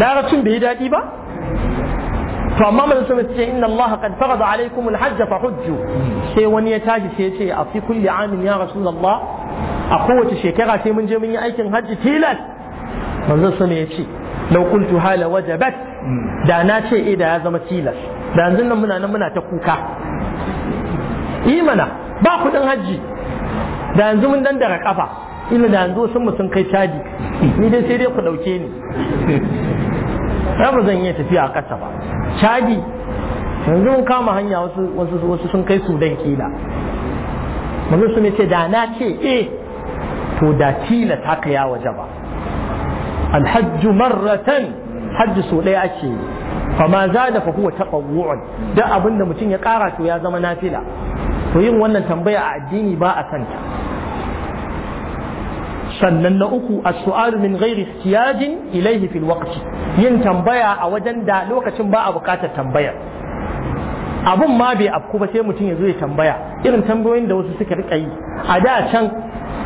larabcin bai dadi ba to amma manzo sama ce inna Allah qad farada alaikum fa fahujju sai wani ya tashi sai ya ce a fi kulli amin ya rasulullah a kowace shekara sai mun je mun yi aikin hajji tilas manzo zama ya ce law qultu hala wajabat da na ce eh da ya zama tilas da yanzu nan muna nan muna ta kuka mana ba kuɗin hajji da yanzu mun dan daga kafa ina da yanzu sun sun kai caji ni dai sai dai ku ɗauke ni rabu zan iya tafiya a ƙasa ba cadi yanzu mun kama hanya wasu wasu wasu sun kai su dan kila mun su ne ce da na ce eh to da tila ta ka ya waje ba alhajju marratan hajji su ɗaya ake yi fama da fa huwa taqawwu'un da abin da mutum ya kara to ya zama nafila to yin wannan tambaya a addini ba a santa sannan na uku as-su'alu min ghairi ihtiyajin ilayhi fil yin tambaya a wajen da lokacin ba a bukatar tambayar abun ma bai afku ba sai mutum ya zo ya tambaya irin tambayoyin da wasu suka rika yi a da can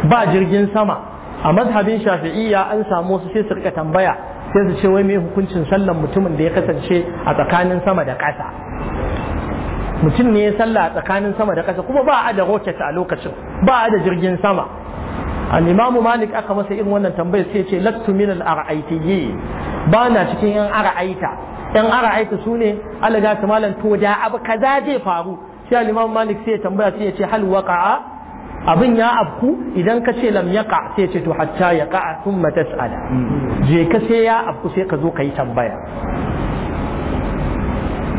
ba jirgin sama a mazhabin shafi'iyya an samu wasu sai su rika tambaya sai su ce wai mai hukuncin sallan mutumin da ya kasance a tsakanin sama da ƙasa mutum ne ya salla a tsakanin sama da ƙasa kuma ba a da rocket a lokacin ba a da jirgin sama al-imamu malik aka masa irin wannan tambayar sai ce lattu min al-ara'aitiyyi ba na cikin yan ara'aita yan ara'aita sune alaga ta malan to da abu kaza zai faru sai al-imamu malik sai ya tambaya sai ya ce hal waqa'a abin ya afku idan ka ce lam yaqa sai ce to hatta sun mata tsada je ka sai ya afku sai ka zo ka yi tambaya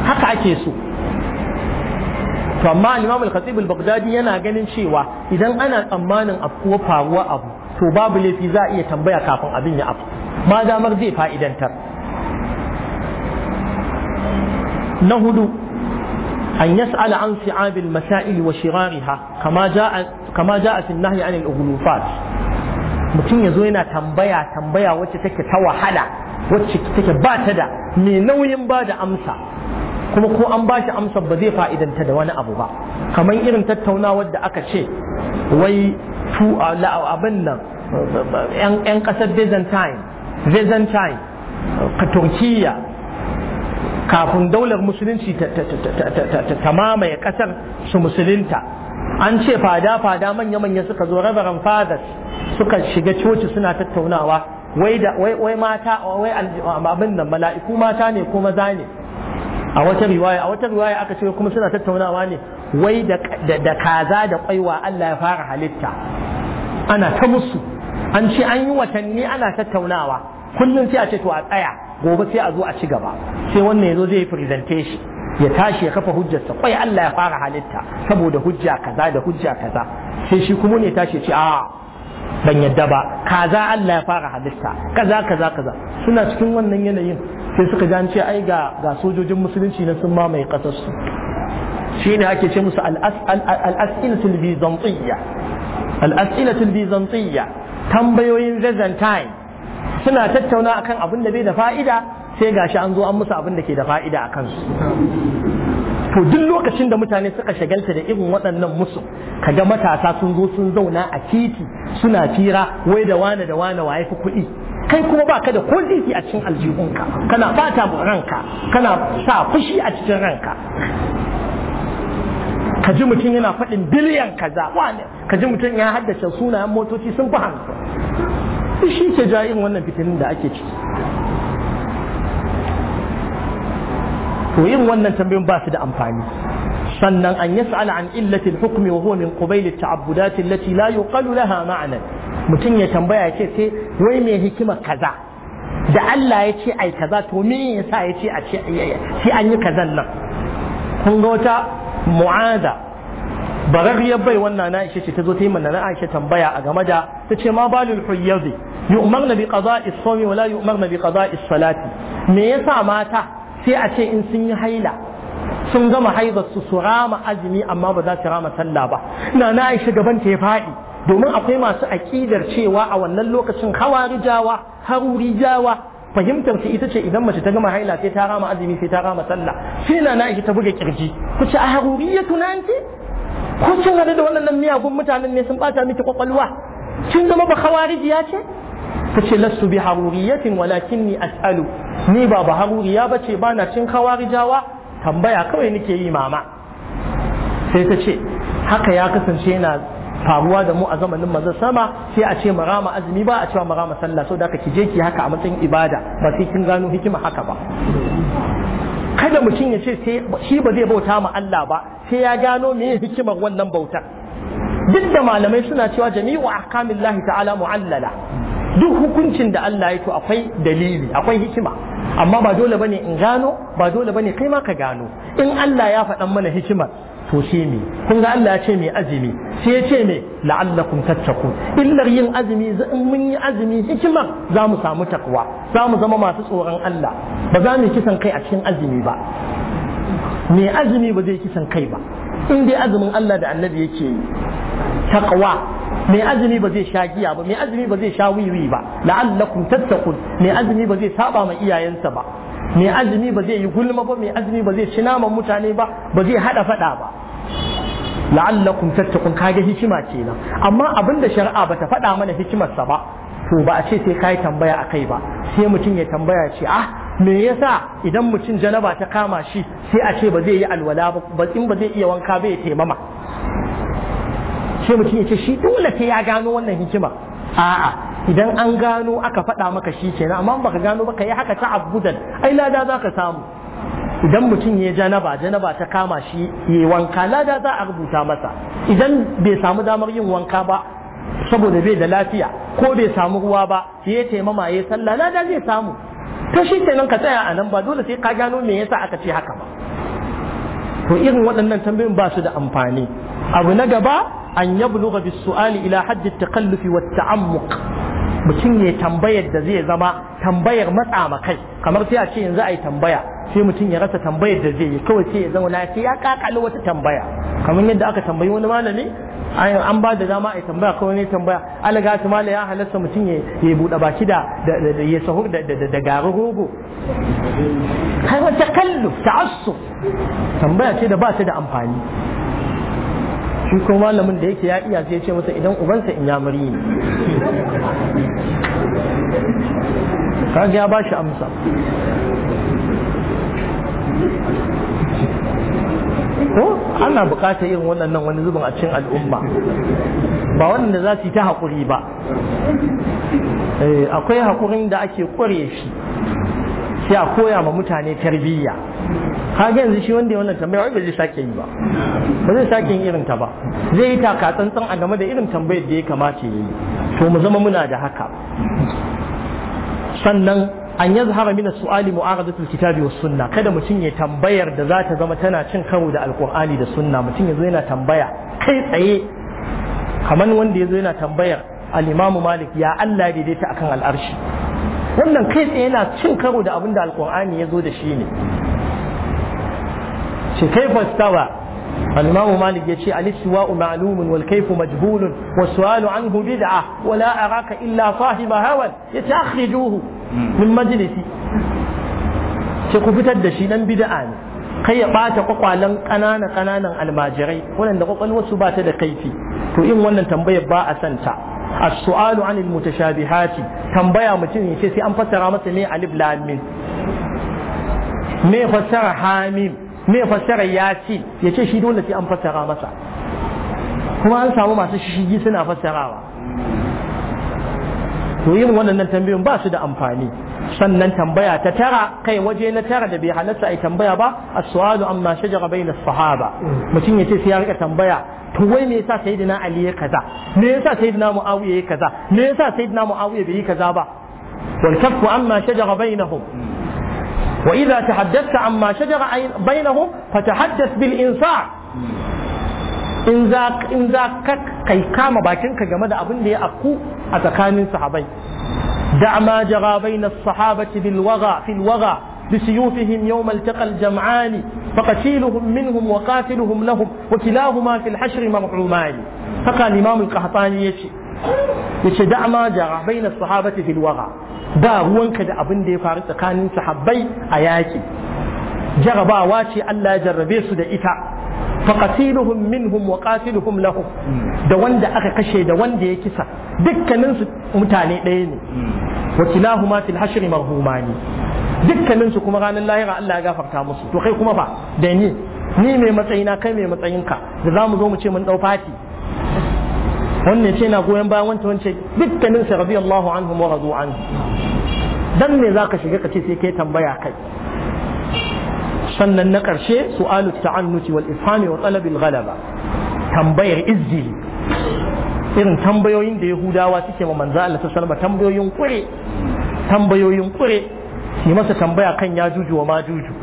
haka ake so to amma imam al-Khatib al-Baghdadi yana ganin cewa idan ana tsammanin afkuwa faruwa abu to babu laifi za a iya tambaya kafin abin ya afku ma damar zai fa'idantar na hudu أن يسأل عن صعاب المسائل وشرارها كما جاء كما جاء في النهي عن الأغلوفات mutum ya zo yana tambaya tambaya wacce take ta wahala wacce take ba ta da mai nauyin ba da amsa kuma ko an ba shi amsa ba zai fa'idanta da wani abu ba kamar irin tattaunawar da aka ce wai tu abin nan yan kasar byzantine byzantine kafin daular musulunci ta mamaye kasar su musulunta an ce fada-fada manya-manya suka zo rabaran fathers suka shiga coci suna tattaunawa wai mata wai abin nan mala'iku mata ne ko maza ne a wata riwaya a wata riwaya aka ce kuma suna tattaunawa ne wai da kaza da kwaiwa Allah ya fara halitta ana ta musu an ce an yi watanni ana tattaunawa kullum sai a ce to a tsaya gobe sai a zo a ci gaba sai wannan yazo zai presente shi ya tashi ya kafa hujjarsa kwai Allah ya fara halitta saboda hujja kaza da hujja kaza sai shi kuma ne tashi ce a ban yadda ba kaza Allah ya fara halitta kaza kaza kaza suna cikin wannan yanayin sai suka ji an ce ai ga ga sojojin musulunci na sun mamaye kasar su shine ake ce musu al-as'ilatul bizantiyya al-as'ilatul bizantiyya tambayoyin Byzantine suna tattauna akan abin da bai da fa'ida sai gashi an zo an musu abin da ke da fa'ida a kansu to duk lokacin da mutane suka shagalta da irin waɗannan musu kaga matasa sun zo sun zauna a titi suna fira wai da wane da wane waye fi kuɗi kai kuma ba ka da ko a cikin aljihunka kana bata ranka kana sa fushi a cikin ranka ka ji mutum yana faɗin biliyan kaza ka ji mutum ya haddace sunayen motoci sun fi hansu. shi ke ja'in wannan fitinin da ake ciki to yin wannan tambayin ba su da amfani sannan an sa'ala an illatil hukmi wa huwa min qubayl at-ta'abbudat allati la yuqalu laha ma'na mutum ya tambaya ce sai wai me hikima kaza da Allah ya ce ai kaza to me yasa ya ce a ce sai an yi kazan nan kun ga wata mu'ada bararriyar bai wannan na ishe ce ta zo ta yi mana na aisha tambaya a game da ta ce ma balul huyyazi yu'mar na bi qada'i sawmi wala yu'mar na bi qada'i salati me yasa mata sai a ce in sun yi haila sun gama haizar su su rama azumi amma ba za su rama sallah ba na na aisha gaban ta ya faɗi domin akwai masu aƙidar cewa a wannan lokacin hawarijawa jawa, fahimtar su ita ce idan mace ta gama haila sai ta rama azumi sai ta rama sallah sai na na aisha ta buga kirji ku ce a haruriyatu nanti ko cin hadu da waɗannan miyagun mutanen ne sun bata miki kwakwalwa kin zama ba ya ce ta ce lasu bi haruriyatin walakin ni as'alu ni ba ba haruriya ba ce ba na cin khawarijawa tambaya kawai nake yi mama sai ta ce haka ya kasance yana faruwa da mu a zamanin maza sama sai a ce marama azumi ba a cewa marama sallah so da ki je ki haka a matsayin ibada ba sai kin gano hikima haka ba kada mutum ya ce shi ba zai bauta ma Allah ba sai ya gano me hikimar wannan bautar duk da malamai suna cewa jami'u ahkamillahi ta'ala mu'allala duk hukuncin da Allah ya to akwai dalili akwai hikima amma ba dole bane in gano ba dole bane kai ma ka gano in Allah ya faɗan mana hikimar to she me, kun ga Allah ya ce mai azumi sai ya ce mai la'allakum tattaqun illar yin azumi in mun yi azumi hikimar za mu samu takwa za mu zama masu tsoron Allah ba za mu kisan kai a cikin azumi ba mai azumi ba zai kisan kai ba in dai azumin Allah da annabi yake yi taqwa mai azumi ba zai sha giya ba mai azumi ba zai sha wiwi ba la'allakum tattaqun mai azumi ba zai saba ma iyayensa ba mai azumi ba zai yi gulma ba mai azumi ba zai ci naman mutane ba ba zai hada fada ba la'allakum tattakun kage hikima kenan amma abinda shari'a bata faɗa mana hikimarsa ba to ba a ce sai kai tambaya akai ba sai mutum ya tambaya ce ah me yasa idan mutum janaba ta kama shi sai a ce ba zai yi alwala ba in ba zai iya wanka ba ya taimama sai mutum ya ce shi dole sai ya gano wannan hikima a'a idan an gano aka faɗa maka shi kenan amma baka gano ba ka yi haka ta abudan ai lada za ka samu idan mutum ya janaba janaba ta kama shi ya wanka lada za a rubuta masa idan bai samu damar yin wanka ba saboda bai da lafiya ko bai samu ruwa ba ya taimama ya sallah lada zai samu to shi kenan ka tsaya a nan ba dole sai ka gano me yasa aka ce haka ba to irin waɗannan tambayoyin ba su da amfani abu na gaba an yabluga bis su'ali ila haddi at-takalluf wa at-ta'ammuq mutum ya tambayar da zai zama tambayar matsa ma kai kamar sai a ce yanzu ai tambaya sai mutum ya rasa tambayar da zai yi kawai sai ya zama na sai ya kakalo wata tambaya kamar yadda aka tambayi wani malami an ba da dama a tambaya kawai ne tambaya alaga ta mala ya halasta mutum ya yi buɗe baki da ya sahur da garin rogo kai wata kallu ta'assu tambaya ce da ba ta da amfani shi ko malamin da yake ya iya sai ce masa idan ubansa in ya muri ne kaga ya ba shi amsa ko ana bukatar irin wannan wani zubin a cikin al'umma ba waɗanda za su yi ta haƙuri ba eh, akwai haƙurin da ake ƙware shi sai a koya ma mutane tarbiyya kaga yanzu shi wanda ya wannan tambaya ba zai sake yi ba ba zai sake yin irin ta ba zai yi taka tsantsan a game da irin tambayar da ya kamata ya yi to mu zama muna da haka sannan an yi zahara mina su'ali mu'aradatul kitabi was sunna kada mutum ya tambayar da za ta zama tana cin karo da alqur'ani da sunna mutum ya zo yana tambaya kai tsaye kamar wanda ya zo yana tambayar Alimamu malik ya Allah daidaita akan al'arshi wannan kai tsaye yana cin karo da abin da alqur'ani ya zo da shi ne ce kaifa istawa al-imam malik yace al-istiwa'u ma'lumun wal kayfu majhulun wa su'alu anhu bid'a wa la araka illa sahiba hawan yatakhiduhu min majlisi ce ku fitar da shi dan bid'a ne kai ya ɓata kwakwalen kanana ƙananan almajirai waɗanda kwakwalwarsu ba ta da kaifi to in wannan tambayar ba a santa as-su'alu 'anil mutashabihati tambaya mutum ce sai an fassara masa ne alif lam mim me fassara Hamin? me fassara ce ya ce shi dole sai an fassara masa kuma an samu masu shishigi suna fassarawa to yin wannan tambayoyin ba su da amfani sannan tambaya ta tara kai waje na tara da bai halatta ai tambaya ba as-su'alu amma shajara bayna sahaba mutum yace sai ya rika tambaya to wai me yasa sayyidina ali ya kaza me yasa sayyidina muawiya ya kaza me yasa sayyidina muawiya bai yi kaza ba wal kaffu amma shajara bainahum وإذا تحدثت عما شجر بينهم فتحدث بالإنصاع إن ذاك إن ذاك كي كام game da أبن لي ya أتكان صحابي دع ما جرى بين الصحابة بالوغى في الوغى بسيوفهم يوم التقى الجمعان فقتيلهم منهم وقاتلهم لهم وكلاهما في الحشر مرحومان فقال الإمام القحطاني يشي يشي دع ما جرى بين الصحابة في الوغى ba ruwanka da abin da ya faru tsakanin sahabbai a yaki. jarabawa ce Allah ya jarrabe su da ita faqatiluhum minhum wa qatiluhum lahum da wanda aka kashe da wanda ya kisa dukkanin su mutane ɗaya ne wa kilahuma fil hashr marhumani dukkanin su kuma ranar lahira Allah ya gafarta musu to kai kuma fa da ni ni mai matsayina kai mai matsayinka da zamu zo mu ce mun dau fati wannan ce na goyon bayan wancan wancan dukkanin sa radiyallahu anhum wa radu anhu dan me zaka shiga ka ce sai kai tambaya kai sannan na ƙarshe su'alu ta'annuti wal ifhami wa talab al ghalaba tambayar izzi irin tambayoyin da yahudawa suke ma manzo Allah sallama tambayoyin kure tambayoyin kure shi masa tambaya kan yajuju wa majuju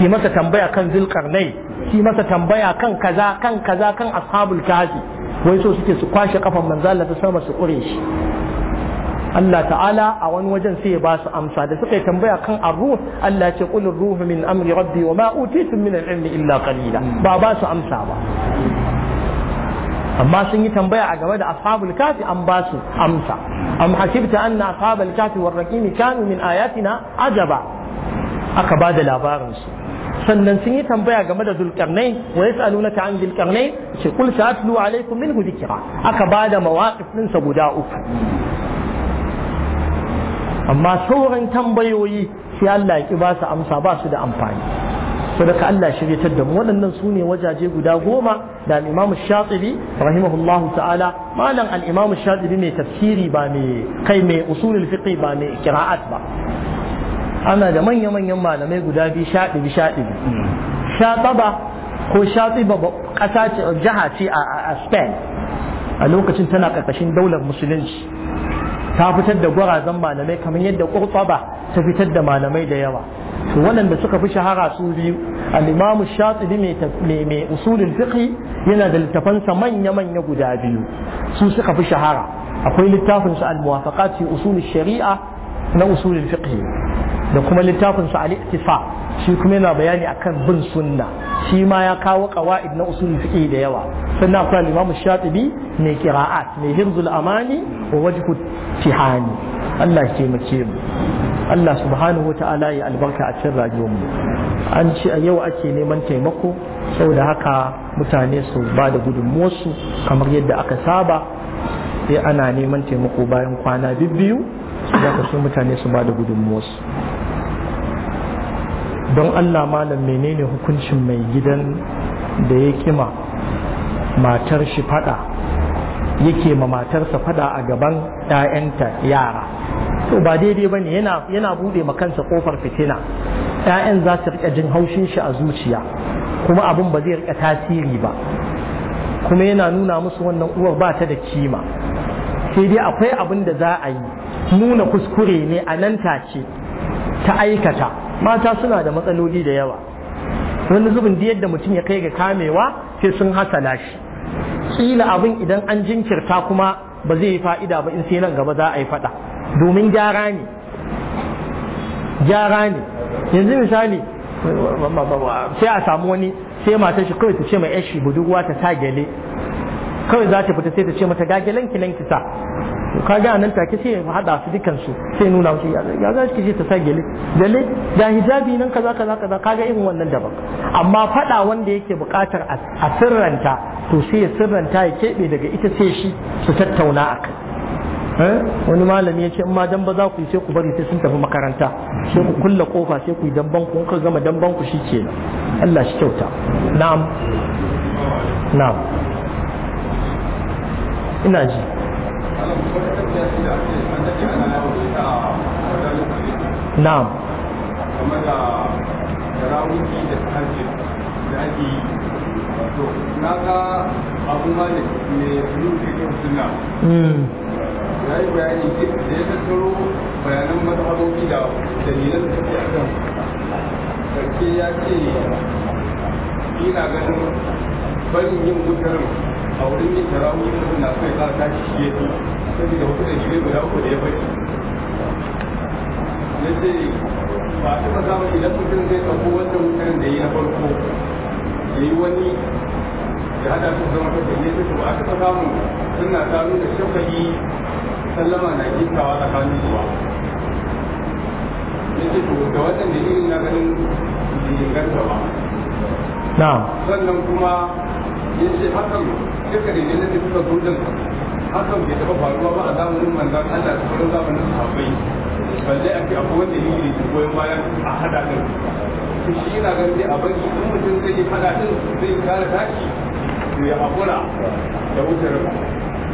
shi masa tambaya kan nai, shi masa tambaya kan kaza kan kaza kan ashabul kahfi wai so suke su kwashe kafan manzo Allah ta sama su kure shi Allah ta'ala a wani wajen sai ya ba su amsa da suka yi tambaya kan arruh Allah ce qul ruhu min amri rabbi wa ma utitum min al illa qalila ba ba su amsa ba amma sun yi tambaya a game da ashabul kafi an ba su amsa am hasibta anna ashabul kafi war raqimi kanu min ayatina ajaba aka ba da labarin su sannan sun yi tambaya game da zulkarnai wa yas'alunaka an zulkarnai ce kul sa'atlu alaikum minhu dhikra aka ba da din sa guda uku amma sauran tambayoyi sai Allah ya ki ba su amsa ba su da amfani sadaka Allah shiryatar da mu waɗannan su ne wajaje guda goma da al-Imam Shatibi rahimahullahu ta'ala malam al-Imam Shatibi mai tafsiri ba mai kai mai usulul fiqh ba mai qira'at ba ana da manya-manyan malamai guda biyu shaɗibi shaɗibi shaɗaba ko shaɗiba ƙasa ce jiha ce a spain a lokacin tana ƙarƙashin daular musulunci ta fitar da gwarazan malamai kamar yadda ƙurtsaba ta fitar da malamai da yawa to waɗanda suka fi shahara su biyu Alimamu imamu shatibi mai mai usulul yana da littafansa manya manya guda biyu su suka fi shahara akwai littafin sa al-muwafaqat fi shari'a na usulin fikhi. da kuma littafin su al-iktifa shi kuma yana bayani akan bin sunna shi ma ya kawo qawaid na usul fiqh da yawa sannan akwai al-imam shatibi mai qira'at mai hirzul amani wa wajhu tihani Allah ya taimake mu Allah subhanahu ta'ala ya albarka a cikin rayuwar mu an ce a yau ake neman taimako saboda haka mutane su ba da gudunmuwarsu kamar yadda aka saba sai ana neman taimako bayan kwana biyu za ka so mutane su ba da gudunmuwarsu don Allah malam menene hukuncin mai gidan da ya kima matar shi fada yake ma matarsa fada a gaban 'ya'yanta yara to ba daidai ba ne yana bude ma kansa kofar fitina 'ya'yan za su rika jin haushin shi a zuciya kuma abin ba zai rika tasiri ba kuma yana nuna musu wannan uwar ba ta da kima sai dai akwai abin da za a yi nuna kuskure ne a nan tace ta aikata mata suna da matsaloli da yawa wani zubin da yadda mutum ya kai ga kamewa sai sun hasala shi kila abin idan an jinkirta kuma ba zai yi fa'ida ba in sai nan gaba za a yi fada domin gyara ne gyara ne yanzu misali sai a samu wani sai mata shi kawai ta ce mai yashi budurwa ta sa gele kawai za ta fita sai ta ce mata gagelen ki nan ki sa Ka ga nan take sai mu hada su dukan su sai nuna musu ya za ki ce ta sa gele gele da hijabi nan kaza kaza kaza kaga irin wannan daban amma fada wanda yake bukatar a sirranta to sai ya sirranta ya kebe daga ita sai shi su tattauna akai eh? wani malami ya ce in ma dan ba za ku yi sai ku bari sai sun tafi makaranta sai ku kulle kofa sai ku yi dan banku ka gama dan banku shi kenan Allah shi kyauta na'am na'am ina ji na'am game da tarawiki da hajji da ake yi to na ga abu ma ne biyu da ke suna ya yi bayani da ya tattaro bayanan matsaloli da dalilan da ke akan sarki ya ce ina ganin barin yin wutar a wurin yin tarawih da na kai ka tashi shi ya fi saboda wasu da shi guda uku da ya bai ya ce ba a taɓa samun idan mutum zai ɗauko wancan wutar da ya na farko ya yi wani ya hada su zama ta bayyana ta ba a taɓa samun suna ta da shafayi sallama na gittawa tsakanin su ba ya ce to da wannan da dalilin na ganin bai inganta ba sannan kuma ya ce hakan duka da jinin da suka zo din hakan bai taɓa faruwa ba a zamanin manzan Allah da sauran zamanin sahabbai balle a ce akwai wanda yi ne goyon bayan a hada din to shi yana ganin dai a baki in mutum zai yi hada din zai kare taki to ya haƙura da wuce rufa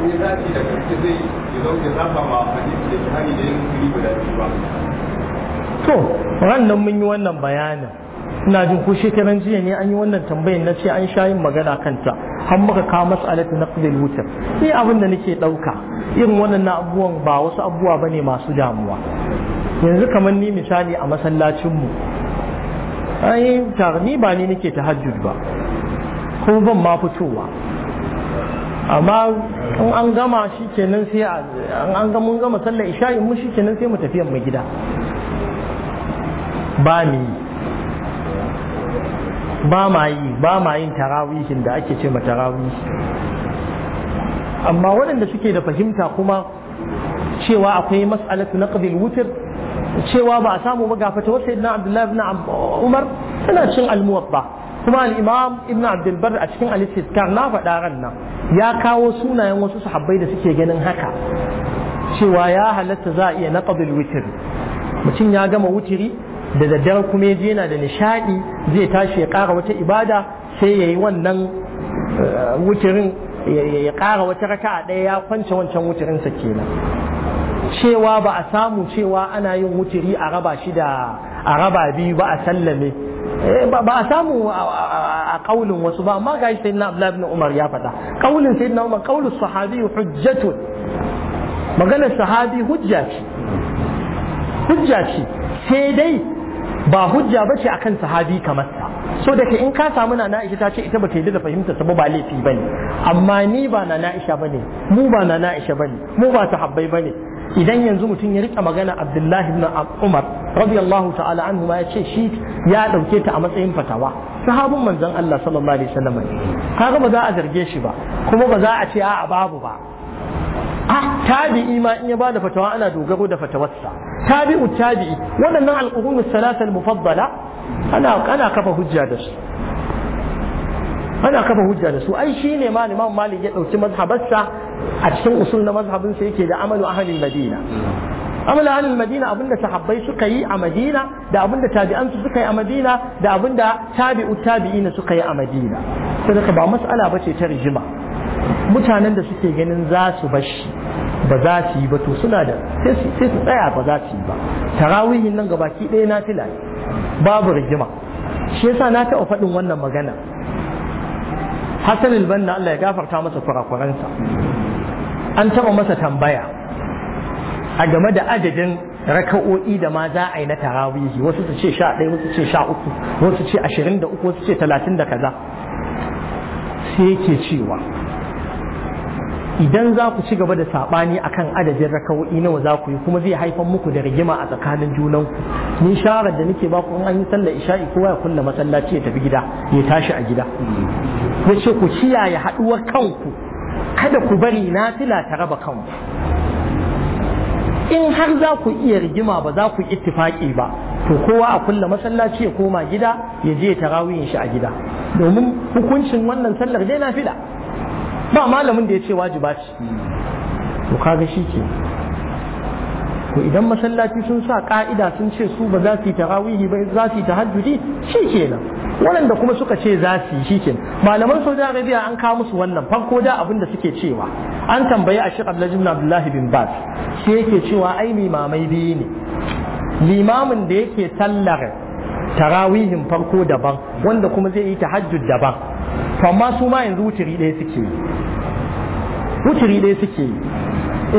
in ya tashi da karshe zai ya zauke zafa ma hadisi da shahani da yin kuri guda biyu ba. To, ran nan mun yi wannan bayanin ina jin ko shekaran jiya ne an yi wannan tambayin na ce an sha yin magana kanta har muka kawo mas'alatu na qidil wutar ni abin da nake dauka irin wannan abubuwan ba wasu abubuwa bane masu damuwa yanzu kamar ni misali a masallacin mu ai tarni ba ni nake tahajjud ba kuma ban ma fitowa amma in an gama shi kenan sai an gama mun gama sallar isha'i mu shi kenan sai mu tafi mu gida ba ni ba ma yi ba ma yin tarawihin da ake ce ma tarawih amma waɗanda suke da fahimta kuma cewa akwai mas'alatu naqdil wutr cewa ba a samu ba gafata wa sayyidina abdullahi ibn umar suna cin almuwabba kuma al-imam ibn abdul bar a cikin al-istizkar na faɗa ran ya kawo sunayen wasu sahabbai da suke ganin haka cewa ya halatta za a iya naqdil witr mutum ya gama wutiri da daddare kuma ya je yana da nishadi zai tashi ya kara wata ibada sai ya yi wannan eh, wucirin ya kara wata raka a ɗaya ya kwance wancan ke kenan cewa ba a samu cewa ana yin wuturi a raba shi da a raba biyu ba a sallame eh, ba a samu a kaulin wasu ba amma gashi sayyidina Abdullahi ibn Umar ya faɗa kaulin sayyidina Umar kaulin sahabi hujjatun maganar sahabi hujja ce hujja ce sai dai ba hujja ba ce akan sahabi kamar ta so da ke in ka samu na na'isha ta ce ita ba ta yi da fahimta ta ba laifi ba ne amma ni ba na na'isha ba ne mu ba na na'isha ba ne mu ba ta habbai ba ne idan yanzu mutum ya rika magana abdullahi ibn umar radiyallahu ta'ala anhu ya ce shi ya dauke ta a matsayin fatawa sahabun manzon Allah sallallahu alaihi wasallam kaga ba za a zarge shi ba kuma ba za a ce a babu ba Ah, tabi'i ma in ya bada fatawa ana dogaro da fatawarsa tabi'u tabi'i waɗannan al'ummar salatar mufaddala ana ana kafa hujja da su ana kafa hujja da su ai shine ma Imam Malik ya dauki mazhabarsa a cikin usul na mazhabin sa yake da amalu ahlul madina amalu ahlul madina abinda sahabbai suka yi a madina da abinda tabi'an su suka yi a madina da abinda tabi'u tabi'ina suka yi a madina sai ba mas'ala bace ta rijima mutanen da suke ganin za su bashi ba za su yi ba to suna da sai su tsaya ba za su yi ba tarawihin nan gabaki ɗaya na fila babu rigima shi yasa na taɓa faɗin wannan magana hassan albanna Allah ya gafarta masa kurakuransa an taɓa masa tambaya a game da adadin raka'o'i da ma za a yi na tarawihi wasu su ce sha ɗaya wasu ce sha uku wasu ce ashirin da uku wasu ce talatin da kaza sai yake cewa idan za ku ci gaba da saɓani a kan adadin rakawo'i nawa za ku yi kuma zai haifar muku da rigima a tsakanin junan ku ni sharar da nake baku in an yi sallar isha'i kowa ya kulle masallaci ya tafi gida ya tashi a gida ya ce ku kiyaye haɗuwar kanku kada ku bari na fila ta raba kanku in har za ku iya rigima ba za ku ittifaki ba to kowa a kulle masallaci ya koma gida ya je tarawiyin shi a gida domin hukuncin wannan sallar dai na fila ba malamin da ya ce wajiba ce to kaga shi ke ko idan masallaci sun sa ka'ida sun ce su ba za su yi tarawihi ba za su yi tahajjudi shi ke nan, waɗanda kuma suka ce za su yi shi nan. malaman saudi arabia an kawo musu wannan farko da abin da suke cewa an tambayi a shi abdullahi bin bas sai yake cewa ai mamai biyu ne limamin da yake tallar tarawihin farko daban wanda kuma zai yi tahajjud daban to amma su ma yanzu wuturi ɗaya suke yi. wuturi ɗaya suke yi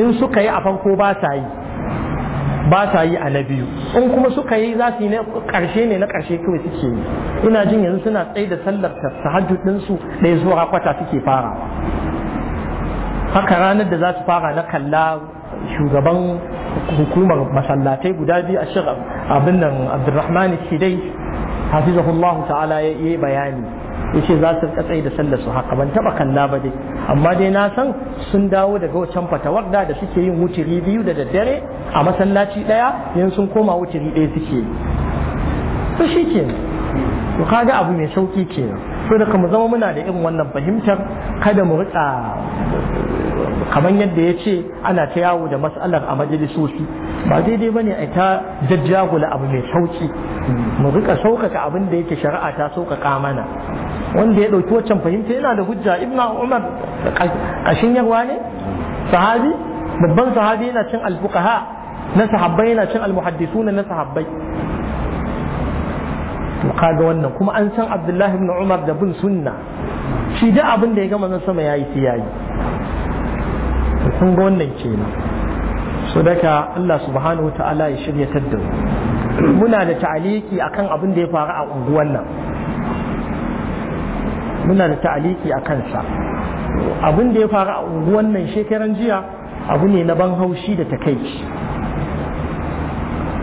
in suka yi a farko ba sa yi ba sa yi a na biyu in kuma suka yi za su yi na ƙarshe ne na karshe kawai suke yi ina jin yanzu suna tsaye da sallar tahajjud da ɗaya zuwa kwata suke fara haka ranar da za su fara na kalla shugaban hukumar masallatai guda biyu a shirin abin nan abdulrahman shidai hafizahullahu ta'ala ya yi bayani yace za su rika da sallar su haka ban taba kalla ba dai amma dai na san sun dawo daga wancan fatawar da suke yin wuturi biyu da daddare a masallaci daya yan sun koma wuturi daya suke to shi ke to kaga abu mai sauki ke to da kuma zama muna da irin wannan fahimtar kada mu rika kamar yadda ya ce ana ta yawo da matsalar a majalisoci ba daidai ba ne a ta jajjagula abu mai sauki mu rika sauƙaƙa abin da yake shari'a ta sauƙaƙa mana wanda ya ɗauki waccan fahimta yana da hujja ibn umar A yarwa ne sahabi babban sahabi yana cin alfuqaha na sahabbai yana cin almuhaddisu na sahabbai to kaga wannan kuma an san abdullahi ibn umar da bin sunna shi da abin da ya gama nan sama yayi sai yayi kun ga wannan kenan so daga Allah subhanahu wa ta'ala ya shirya tadda muna da ta'aliki akan abin da ya faru a unguwar nan muna da ta'aliki a kansa abin da ya faru a unguwan nan shekaran jiya abu ne na ban haushi da takaici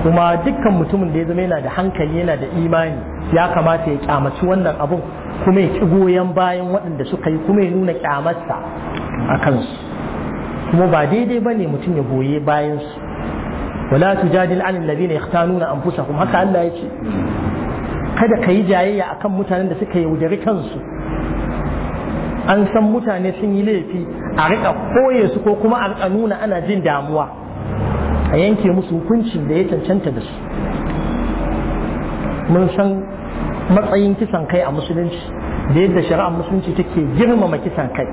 kuma dukkan mutumin da ya zama yana da hankali yana da imani ya kamata ya kyamaci wannan abun kuma ya ki goyon bayan waɗanda suka yi kuma ya nuna kyamarsa a kansu kuma ba daidai ba ne mutum ya goye bayansu wala su tujadil anil ladina yakhtanuna kuma haka Allah ya ce kada ka yi jayayya akan mutanen da suka yaudari kansu an san mutane sun yi laifi a rika koye su ko kuma a nuna ana jin damuwa a yanke musu hukuncin da ya cancanta da su mun san matsayin kisan kai a musulunci da yadda shari'ar musulunci take girmama kisan kai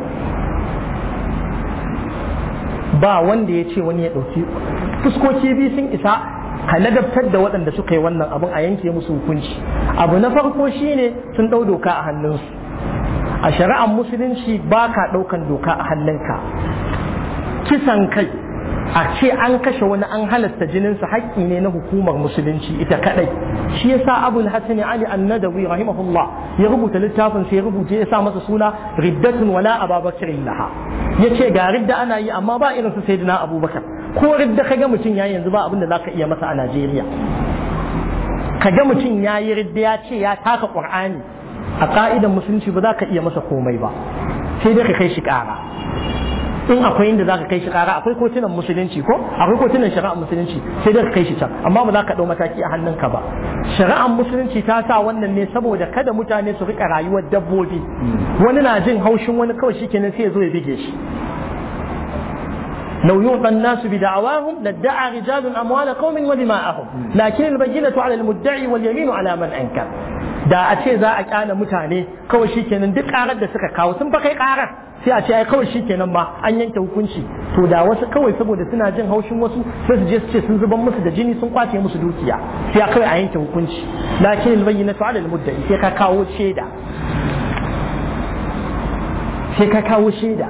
ba wanda ya ce wani ya ɗauki fuskoki biyu sun isa ka ladabtar da waɗanda suka yi wannan abin a yanke musu hukunci abu na farko shine sun ɗau doka a hannunsu a shari'ar musulunci ba ka ɗaukan doka a hannunka kisan kai a ce an kashe wani an halasta jininsa haƙƙi ne na hukumar musulunci ita kaɗai shi yasa abul hasani ali annadawi rahimahullah ya rubuta littafin sai ya rubuta ya sa masa suna riddatun wala ababakar laha ya ce ga ridda ana yi amma ba irin su sayyidina abubakar ko ridda ka ga mutum ya yanzu ba abin da zaka iya masa a najeriya ka ga mutum ya yi ridda ya ce ya taka qur'ani a ka'idan musulunci ba za ka iya masa komai ba sai dai ka kai shi ƙara, in akwai inda za ka kai shi kara akwai kotunan musulunci ko akwai kotunan shari'ar musulunci sai dai ka kai shi can amma ba za ka ɗau mataki a hannunka ba shari'ar musulunci ta sa wannan ne saboda kada mutane su riƙa rayuwar dabbobi hmm. wani na jin haushin wani kawai shi shikenan sai ya zo ya bige shi لو يعطى الناس بدعواهم لادعى رجال أموال قوم ودماءهم لكن البينة على المدعي واليمين على من أنكر da a ce za a kyana mutane kawai shikenan duk karar da suka kawo sun fa kai karar sai a ce ai kawai shikenan ma an yanke hukunci to da wasu kawai saboda suna jin haushin wasu sai su je su ce sun zubar musu da jini sun kwace musu dukiya sai kawai a yanke hukunci lakin albayyana tu ala almudda sai ka kawo shaida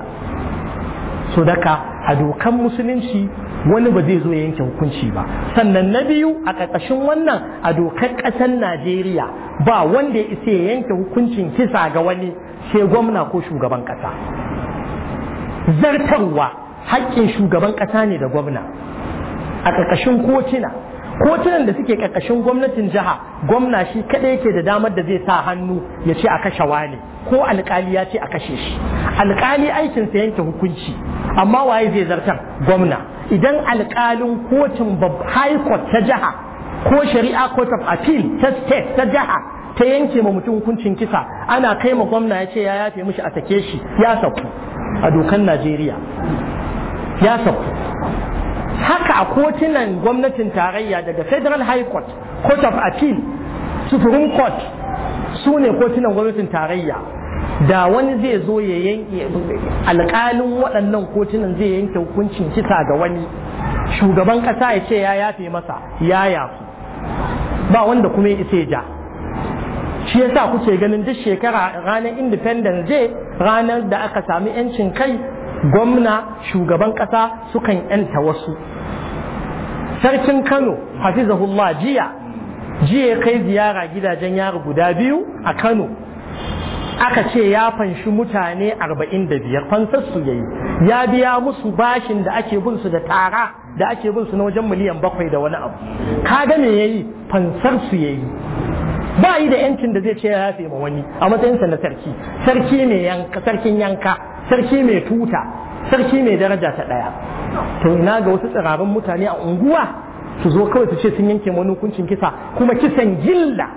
sadaka a dokan musulunci wani ba zai zo yanke hukunci ba sannan na biyu a ƙarƙashin wannan a dokar ƙasar najeriya ba wanda ya isa ya yanke hukuncin kisa ga wani sai gwamna ko shugaban ƙasa zartarwa haƙƙin shugaban ƙasa ne da gwamna a ƙarƙashin kotuna kotunan da suke ƙarƙashin gwamnatin jiha gwamna shi kaɗai yake da damar da zai sa hannu ya ce a kashe wani ko alƙali ya ce a kashe shi alƙali aikinsa yanke hukunci amma waye zai zartar gwamna idan alƙalin kotun high court ta jiha ko shari'a court of appeal ta state ta jiha ta yanke ma mutum hukuncin kisa ana kai ma gwamna ya ce ya yafe mishi a sake shi ya sauku a dokan najeriya ya sauku haka a kotunan gwamnatin tarayya daga federal high court court of appeal supreme court su ne kotunan gwamnatin tarayya da wani zai zo ya yanke alƙalin waɗannan kotunan zai yanke hukuncin kisa ga wani shugaban ƙasa ya ce ya yafe masa ya yafu ba wanda kuma ya isa ja shi yasa kuke ganin duk shekara ranar independence day ranar da aka sami yancin kai gwamna shugaban ƙasa sukan yanta wasu sarkin kano hafizahullah jiya jiya kai ziyara gidajen yara guda biyu a kano aka ce ya fanshi mutane 45 fansarsu ya yi ya biya musu bashin da ake bin su da tara da ake bin su na wajen miliyan bakwai da wani abu ka gane ya yi fansarsu ya yi ba yi da yancin da zai ce ya yafe ma wani a matsayinsa na sarki sarki ne sarkin yanka sarki mai tuta sarki mai daraja ta ɗaya to ina ga wasu tsirarin mutane a unguwa su zo kawai su ce sun yanke wani hukuncin kisa kuma kisan gilla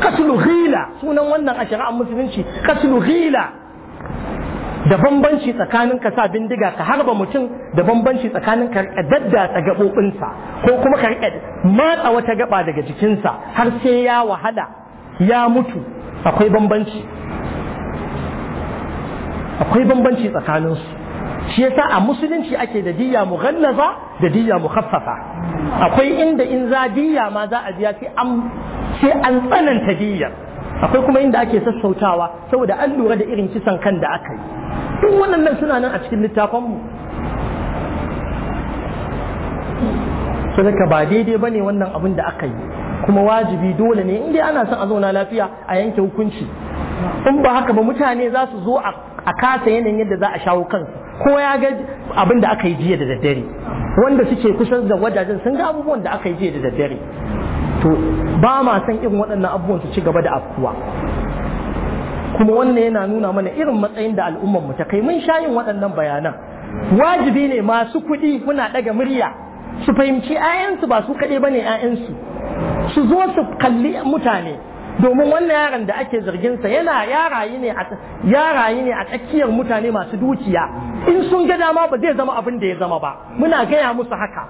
kasulu sunan wannan a shari'ar musulunci kasulu da bambanci tsakanin ka sa bindiga ka harba mutum da bambanci tsakanin ka daddatsa gaɓoɓinsa ko kuma ka matsa wata gaba daga jikinsa har sai ya wahala ya mutu akwai bambanci akwai bambanci tsakanin su shi yasa a musulunci ake da diyya mughallaza da diyya mukhaffafa akwai inda in za diyya ma za a biya sai an tsananta diyyar akwai kuma inda ake sassautawa saboda an lura da irin kisan kan da aka yi duk waɗannan suna nan a cikin littafanmu sadaka ba daidai ba ne wannan abin da aka yi kuma wajibi dole ne inda ana son a zauna lafiya a yanke hukunci in ba haka ba mutane za su zo a kasa yanayin yadda za a shawo kansu ko ya ga abin da aka yi jiya da daddare wanda suke kusan da wadajen sun ga abubuwan da aka yi jiya da daddare to ba ma san irin waɗannan abubuwan su ci gaba da afkuwa kuma wannan yana nuna mana irin matsayin da al'ummar mu ta kai mun sha yin waɗannan bayanan wajibi ne masu kuɗi muna ɗaga murya su fahimci 'ya'yansu ba su kaɗai ba ne 'ya'yansu su zo su kalli mutane domin wannan yaron da ake zarginsa yana yarayi ne a yarayi ne a tsakiyar mutane masu dukiya in sun ga dama ba zai zama abin da ya zama ba muna gaya musu haka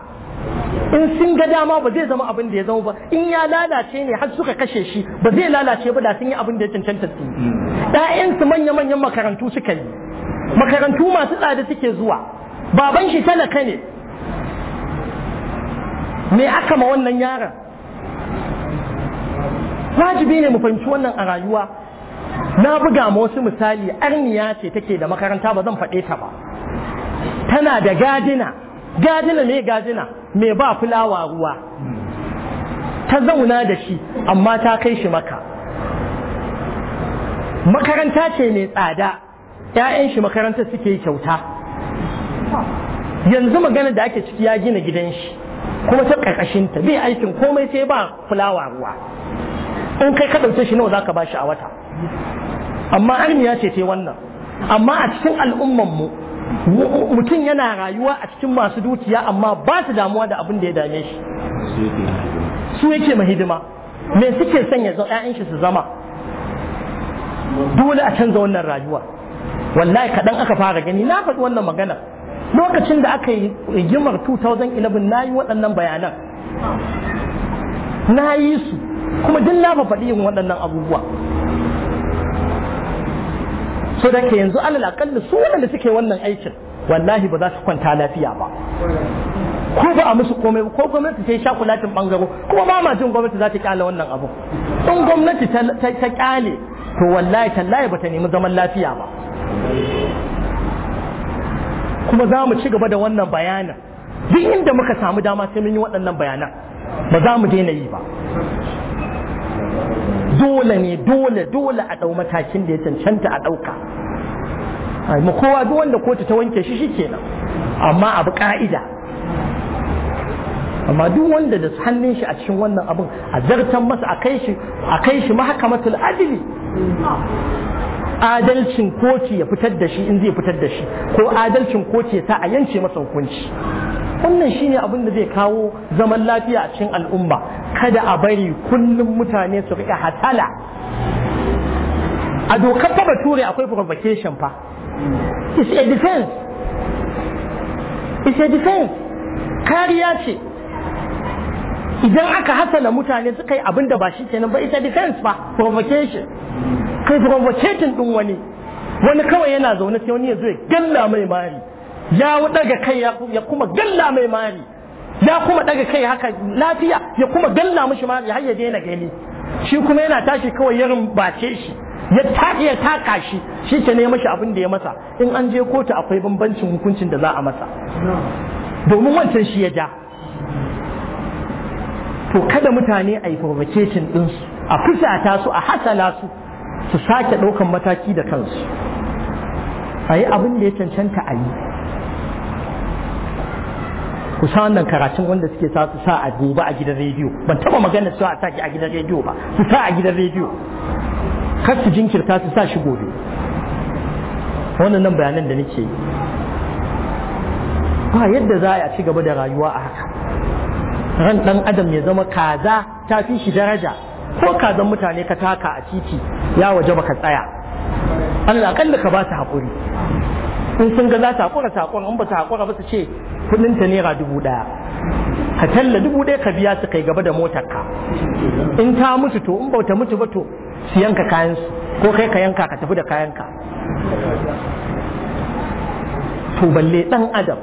in sun ga dama ba zai zama abin da ya zama ba in ya lalace ne har suka kashe shi ba zai lalace ba da sun yi abin da ya cancanta su ɗayansu manya-manyan makarantu suka yi makarantu masu tsada suke zuwa baban shi talaka ne me aka ma wannan yaron wajibi ne mu fahimci wannan a rayuwa na buga ma wasu misali arniya ce take da makaranta ba zan faɗe ta ba tana da gadina gadina mai gadina me ba fulawa ruwa ta zauna da shi amma ta kai shi maka makaranta ce mai tsada 'ya'yan shi makaranta suke kyauta yanzu magana da ake ciki ya gina gidan shi kuma ta ƙarƙashinta bai aikin komai sai ba fulawa ruwa in kai ka shi nawa za ka bashi a wata amma ya ce ce wannan amma a cikin al'ummanmu mutum yana rayuwa a cikin masu dukiya amma ba su damuwa da abin da ya dame shi su yake hidima? me suke son ya ‘ya'yan shi su zama dole a canza wannan rayuwa wallahi kaɗan aka fara gani na faɗi wannan magana lokacin da aka yi rigimar 2011 na yi waɗannan bayanan na yi su kuma duk na faɗi yin waɗannan abubuwa so da ke yanzu alal akalli su waɗanda suke wannan aikin wallahi ba za su kwanta lafiya ba ko ba a musu komai ko gwamnati ta yi shakulatin bangaro kuma ba ma jin gwamnati za ta ƙyale wannan abu in gwamnati ta kyale to wallahi tallahi ba ta nemi zaman lafiya ba kuma za mu ci gaba da wannan bayanan duk inda muka samu dama sai mun yi waɗannan bayanan ba za mu daina yi ba dole ne dole dole a ɗau matakin da ya cancanta a ɗauka mu kowa duk wanda kotu ta wanke shi shikenan amma abu ka'ida amma duk wanda da hannun shi a cikin wannan abin a zartan masa a kai shi a kai shi mahakamatul adili adalcin kotu ya fitar da shi in zai fitar da shi ko adalcin kotu ya sa a yance masa hukunci wannan shine abin da zai kawo zaman lafiya a cikin al'umma kada a bari kullum mutane su riƙa hatala a dokar ta bature akwai provocation fa it's a defense it's a defense kariya ce idan aka hasala mutane suka yi abin da ba shi kenan ba it's a defense fa provocation kai provocating din wani wani kawai yana zaune sai wani ya zo ya galla mai mari ya daga kai ya kuma galla mai mari ya kuma daga kai haka lafiya ya kuma galla mishi ma ya ya daina gani shi kuma yana tashi kawai ya bace shi ya ta ya taka shi shi ke ne mashi abin da ya masa in an je kotu akwai bambancin hukuncin da za a masa domin wancan shi ya ja to kada mutane a yi provocation ɗinsu a fusata su a hasala su su sake ɗaukan mataki da kansu a yi abin da ya cancanta a yi ku wannan karatun wanda suke sa su sa a gobe a gidan rediyo ban taba magana su a sa a gidan rediyo ba su sa a gidan rediyo kar su jinkirta su sa shi gobe wannan nan bayanan da nake ba yadda za a ci gaba da rayuwa a haka ran dan adam ya zama kaza ta fi shi daraja ko kazan mutane ka taka a titi ya waje baka tsaya Allah akalla ka ba ta haƙuri in sun ga za ta hakura ta hakura in ba ta hakura ba su ce kudin ta naira dubu daya ka talla dubu daya ka biya su kai gaba da motar ka in ta mutu to in ba mutu ba to su yanka kayan ko kai ka yanka ka tafi da kayanka. ka to balle dan adam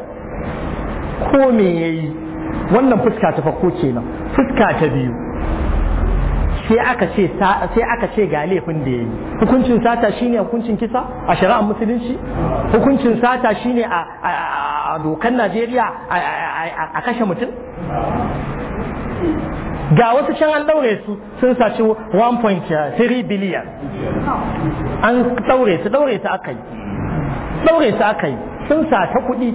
ko me yayi wannan fuska ta farko kenan fuska ta biyu sai aka ce sai aka ce ga laifin da yayi hukuncin sata shine hukuncin kisa a shari'ar musulunci hukuncin sata shine a dokan Najeriya a kashe mutum ga wasu can an daure su sun saci 1.3 uh, biliyan an daure su daure su aka yi daure su aka yi sun sata kuɗi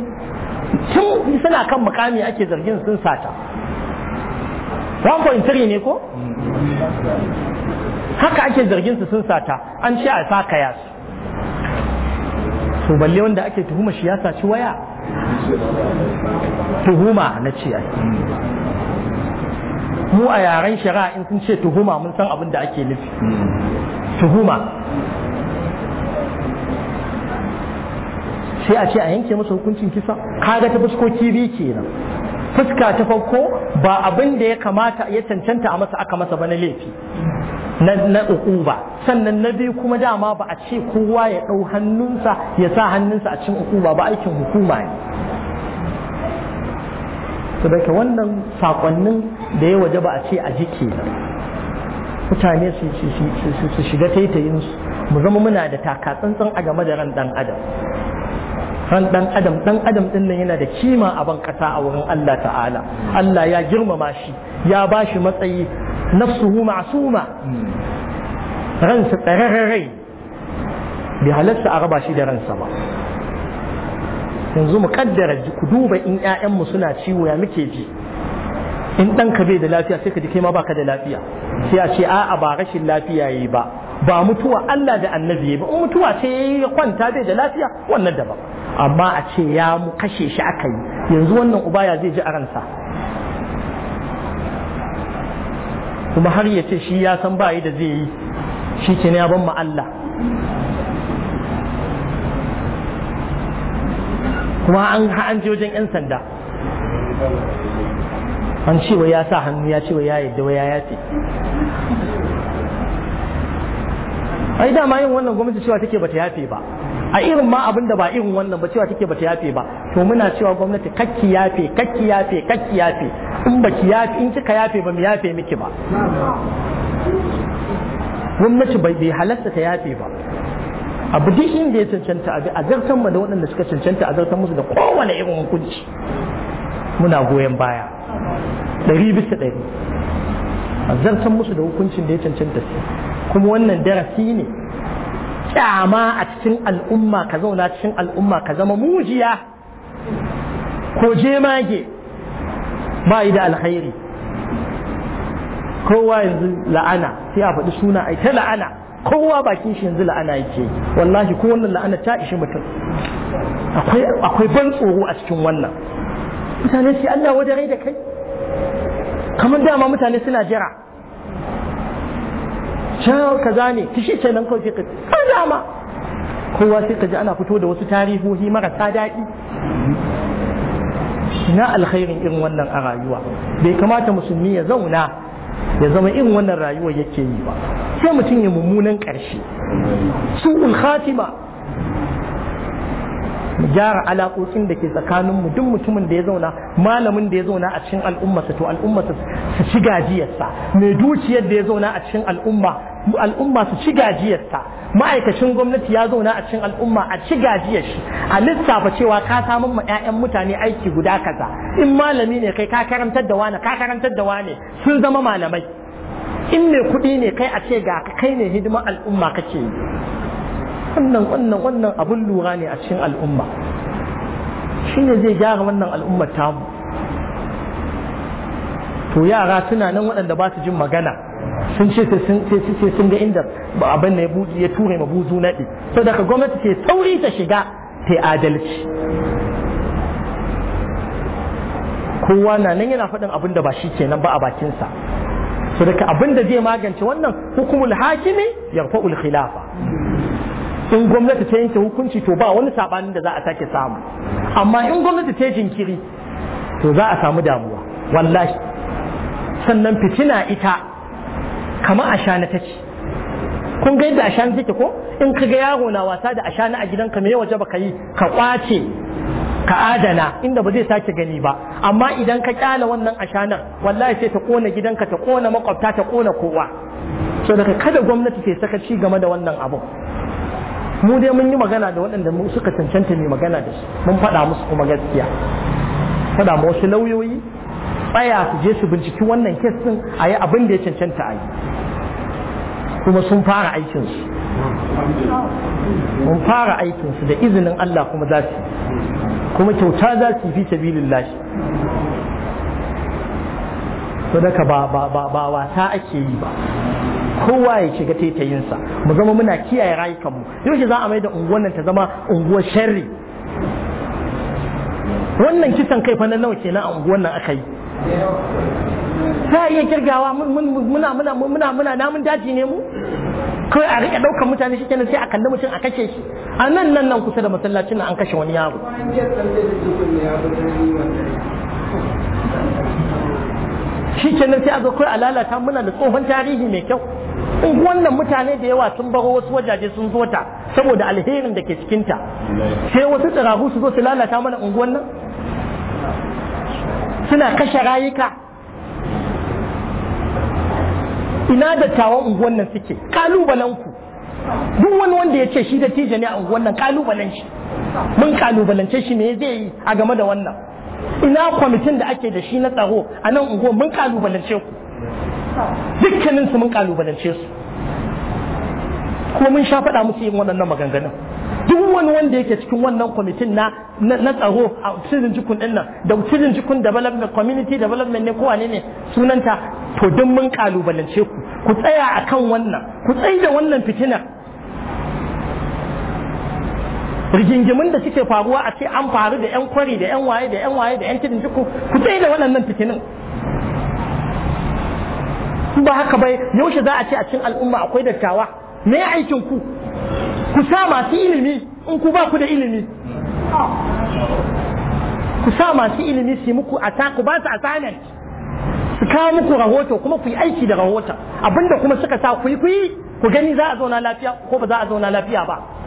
tun suna kan mukami ake zargin sun sata 1.3 ne ko haka ake zargin su sun sata an ce a sa kaya su to balle wanda ake tuhuma shi ya saci waya tuhuma na ce mu a yaren shari'a in sun ce tuhuma mun san abin da ake nufi tuhuma sai a ce a yanke masa hukuncin kisa kaga ta fuskoki biyu kenan fuska ta farko ba abin da ya kamata ya cancanta a masa aka masa ba na laifi na ba sannan na biyu kuma dama ba a ce kowa ya ɗau hannunsa ya sa hannunsa a cin ukuba ba aikin hukuma ne saboda wannan sakonnin da ya waje ba a ce a jike mutane su shiga taitayinsu mu zama muna da takatsantsan a game da ran dan adam ran ɗan adam dan adam din nan yana da kima a ban kasa a wurin Allah ta'ala Allah ya girmama shi ya ba shi matsayi nafsuhu ma'suma ransa tsararren rai bi halarsa a raba shi da ransa ba yanzu mu kaddara ku duba in mu suna ciwo ya muke ji in ɗanka bai da lafiya sai ka ji kai ma baka da lafiya sai a ce a'a ba rashin lafiya yayi ba ba mutuwa Allah da annabi ba in mutuwa ce ya kwanta bai da lafiya wannan daban amma a ce ya mu kashe shi aka yi yanzu wannan uba ya zai ji a ransa kuma har ya ce shi ya san ba da zai yi shi ke ya ban Allah kuma an an je wajen 'yan sanda an ce ya sa hannu ya ce ya yadda wa ya ai dama yin wannan gwamnati cewa take bata yafe ba a irin ma abin da ba irin wannan ba cewa take bata yafe ba to muna cewa gwamnati kakki yafe kakki yafe kakki yafe in baki yafe in kika yafe ba mu yafe miki ba gwamnati bai bai ta yafe ba abu duk inda ya cancanta abu a zartan mu da waɗanda suka cancanta a zartan musu da kowane irin hukunci muna goyon baya ɗari bisa ɗari a zartan musu da hukuncin da ya cancanta su kuma wannan darasi ne kyama a cikin al'umma ka zauna cikin al'umma ka zama mujiya ko jemage ba yi da alkhairi kowa yanzu la'ana sai a faɗi suna ai ta la'ana kowa bakin shi yanzu la'ana yake wallahi ko wannan la'ana ta ishi mutum akwai ban tsoro a cikin wannan mutane sai Allah wajen da kai kamar dama mutane suna jira can kaza ne kishi ce nan kawai sai ka zama. kowa sai ka ji ana fito da wasu tarihohi marasa daɗi na alkhairin irin wannan a rayuwa bai kamata musulmi ya zauna ya zama irin wannan rayuwa yake yi ba sai mutum ya mummunan ƙarshe su khatima mu gyara alaƙoƙin da ke tsakanin mu duk mutumin da ya zauna malamin da ya zauna a cikin al'ummarsa to al'ummarsa su ci gajiyarsa mai dukiyar da ya zauna a cikin al'umma al'umma su ci gajiyarsa ma'aikacin gwamnati ya zauna a cikin al'umma a ci gajiyar shi a lissafa cewa ka samun ma 'ya'yan mutane aiki guda kaza in malami ne kai ka karantar da wane ka karantar da wane sun zama malamai in mai kuɗi ne kai a ce ga kai ne hidimar al'umma kake yi wannan wannan wannan abin lura ne a cikin al'umma shi ne zai gyara wannan al'ummar tamu to yara suna nan waɗanda ba su jin magana sun ce sai sun ga inda abin da ya ture ma buzu naɗi to daga gwamnati ke sauri ta shiga ta adalci kowa na nan yana faɗin abin da ba shi kenan ba a bakinsa sau daga abin da zai magance wannan hukumul hakimi yarfa'ul khilafa in gwamnati ta yanke hukunci to ba wani sabanin da za a sake samu amma in gwamnati ta jinkiri to za a samu damuwa wallahi sannan fitina ita kama ashana ta ce kun ga yadda ashana take ko in ka ga yaro na wasa da ashana a gidanka me waje baka yi ka kwace ka adana inda ba zai sake gani ba amma idan ka kyala wannan ashanar wallahi sai ta kona gidanka ta kona makwabta ta kona kowa so daga kada gwamnati ta sakaci game da wannan abu mu dai mun yi magana da waɗanda suka cancanta mai magana da su mun faɗa musu kuma gaskiya faɗa ma wasu lauyoyi tsaya su je su binciki wannan kes ɗin a yi abin da ya cancanta a yi kuma sun fara aikinsu mun fara aikinsu da izinin Allah kuma za su kuma kyauta za su fi sabilillahi So daga ba ba ba ba ake yi ba kowa ya shiga taitayinsa mu zama muna kiyaye rayukanmu yau za a mai da unguwar nan ta zama unguwar sharri wannan kisan kai fa na nawa kenan a unguwar nan aka yi ta iya kirgawa muna muna muna muna namun daji ne mu kawai a rike ɗaukar mutane shi kenan sai a kalli mutum a kashe shi a nan nan nan kusa da masallacin an kashe wani yaro shi kenan sai a zo kai a lalata muna da tsohon tarihi mai kyau in wannan mutane da yawa sun baro wasu wajaje sun zo ta saboda alherin da ke cikinta sai wasu tsirahu su zo su lalata mana unguwan nan suna kashe rayuka ina da tawon unguwan nan suke kalubalanku duk wani wanda ya ce shi da tijani a unguwan nan kalubalen shi mun kalubalance shi me zai yi a game da wannan ina kwamitin da ake da shi na tsaro a nan unguwar mun kalubalance ku dukkanin su mun kalubalance su kuma mun sha faɗa musu yin waɗannan maganganun duk wani wanda yake cikin wannan kwamitin na na tsaro a cikin jikun din nan da cikin jikun development community development ne kowane ne sunanta to duk mun kalubalance ku ku tsaya akan wannan ku tsaya da wannan fitina rigingimin da suke faruwa a ce an faru da yan kwari da yan waye da yan waye da yan kidin duk ku tsaye da waɗannan fitinin ba haka bai yaushe za a ce a cikin al'umma akwai dattawa me aikin ku ku sa masu ilimi in ku ba ku da ilimi ku sa masu ilimi su muku a ta ku ba su assignment su kawo muku rahoto kuma ku yi aiki da rahoton abinda kuma suka sa ku ku yi ku gani za a zauna lafiya ko ba za a zauna lafiya ba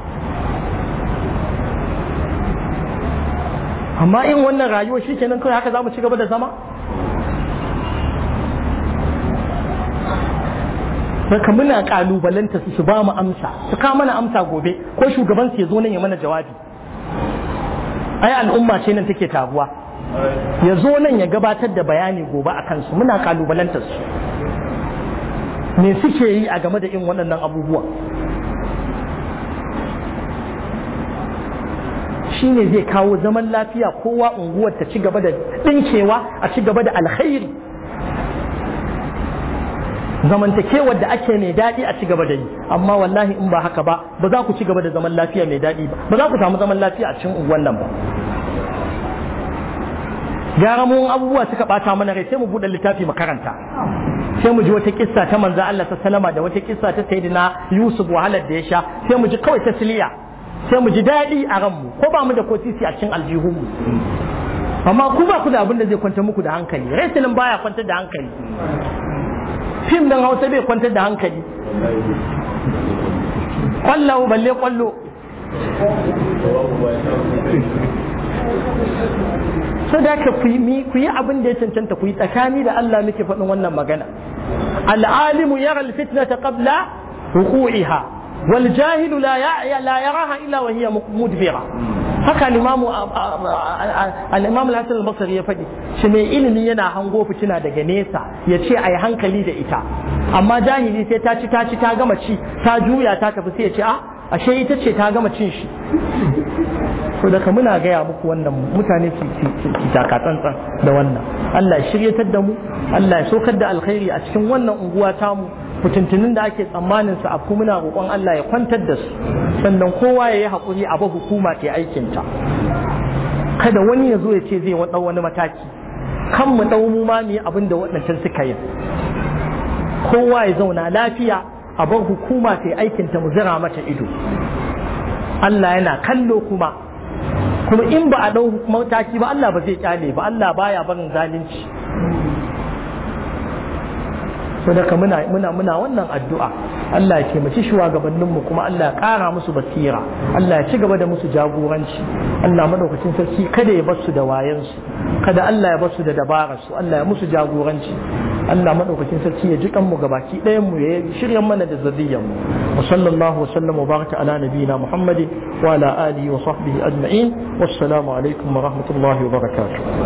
amma in wannan rayuwa shi kenan kawai haka za mu ci gaba da zama Saka muna kalubalanta su ba mu amsa su kama mana amsa gobe ko shugaban su ya zo nan ya mana jawabi ai al'umma ce nan take taruwa ya zo nan ya gabatar da bayani gobe a kansu muna kalubalanta su me suke yi a game da in waɗannan abubuwa shi ne zai kawo zaman lafiya kowa unguwar ta ci gaba da ɗinkewa a ci gaba da alkhairi zamantakewar da ake mai daɗi a ci gaba da yi amma wallahi in ba haka ba ba za ku ci gaba da zaman lafiya mai daɗi ba ba za ku samu zaman lafiya a cikin unguwar nan ba gara mun abubuwa suka bata mana rai sai mu buɗe littafi makaranta sai mu ji wata kissa ta manzo Allah ta da wata kissa ta sayyidina Yusuf wahalar da ya sha sai mu ji kawai tasliya sai mu ji daɗi a ranmu ko ba mu da ko sisi a cikin aljihunmu amma ku ba ku da abin da zai kwantar muku da hankali wrestling baya kwantar da hankali fim dan hausa bai kwantar da hankali kwallo balle kwallo so da ka ku yi abin da ya cancanta ku yi tsakani da Allah muke faɗin wannan magana al'alimu yara fitnata qabla wuqu'iha wal jahilu la ya la yaraha illa wa hiya mudbira haka al-imamu al-imamu ya faɗi shi mai ilimi yana hango fitina daga nesa Yace ayi ai hankali da ita amma jahili sai ta ci ta ci ta gama ci ta juya ta tafi sai ya ce ashe ita ce ta gama cin shi so daga muna gaya muku wannan mutane su taka tsantsan da wannan Allah shiryatar da mu Allah ya saukar da alkhairi a cikin wannan unguwa tamu fitintunin da ake tsammanin su a muna roƙon Allah ya kwantar da su sannan kowa ya yi haƙuri a ba hukuma ta aikinta kada wani ya zo ya ce zai ɗau wani mataki kan mu dau mu ma mu abin da waɗancan suka yi kowa ya zauna lafiya a bar hukuma ta aikinta mu zira mata ido Allah yana kallo kuma kuma in ba a ɗau mataki ba Allah ba zai kyale ba Allah baya barin zalunci sadaka muna muna muna wannan addu'a Allah ya taimaki shugabannin mu kuma Allah ya kara musu basira Allah ya ci gaba da musu jagoranci Allah madaukakin sarki kada ya bar su da wayan su kada Allah ya bar su da dabarar su Allah ya musu jagoranci Allah madaukakin sarki ya ji kan mu gabaki ɗayan mu ya shirya mana da zadiyan mu wa sallallahu wa sallam wa baraka ala nabiyina Muhammadin wa ala alihi wa sahbihi ajma'in wassalamu alaikum wa rahmatullahi wa barakatuh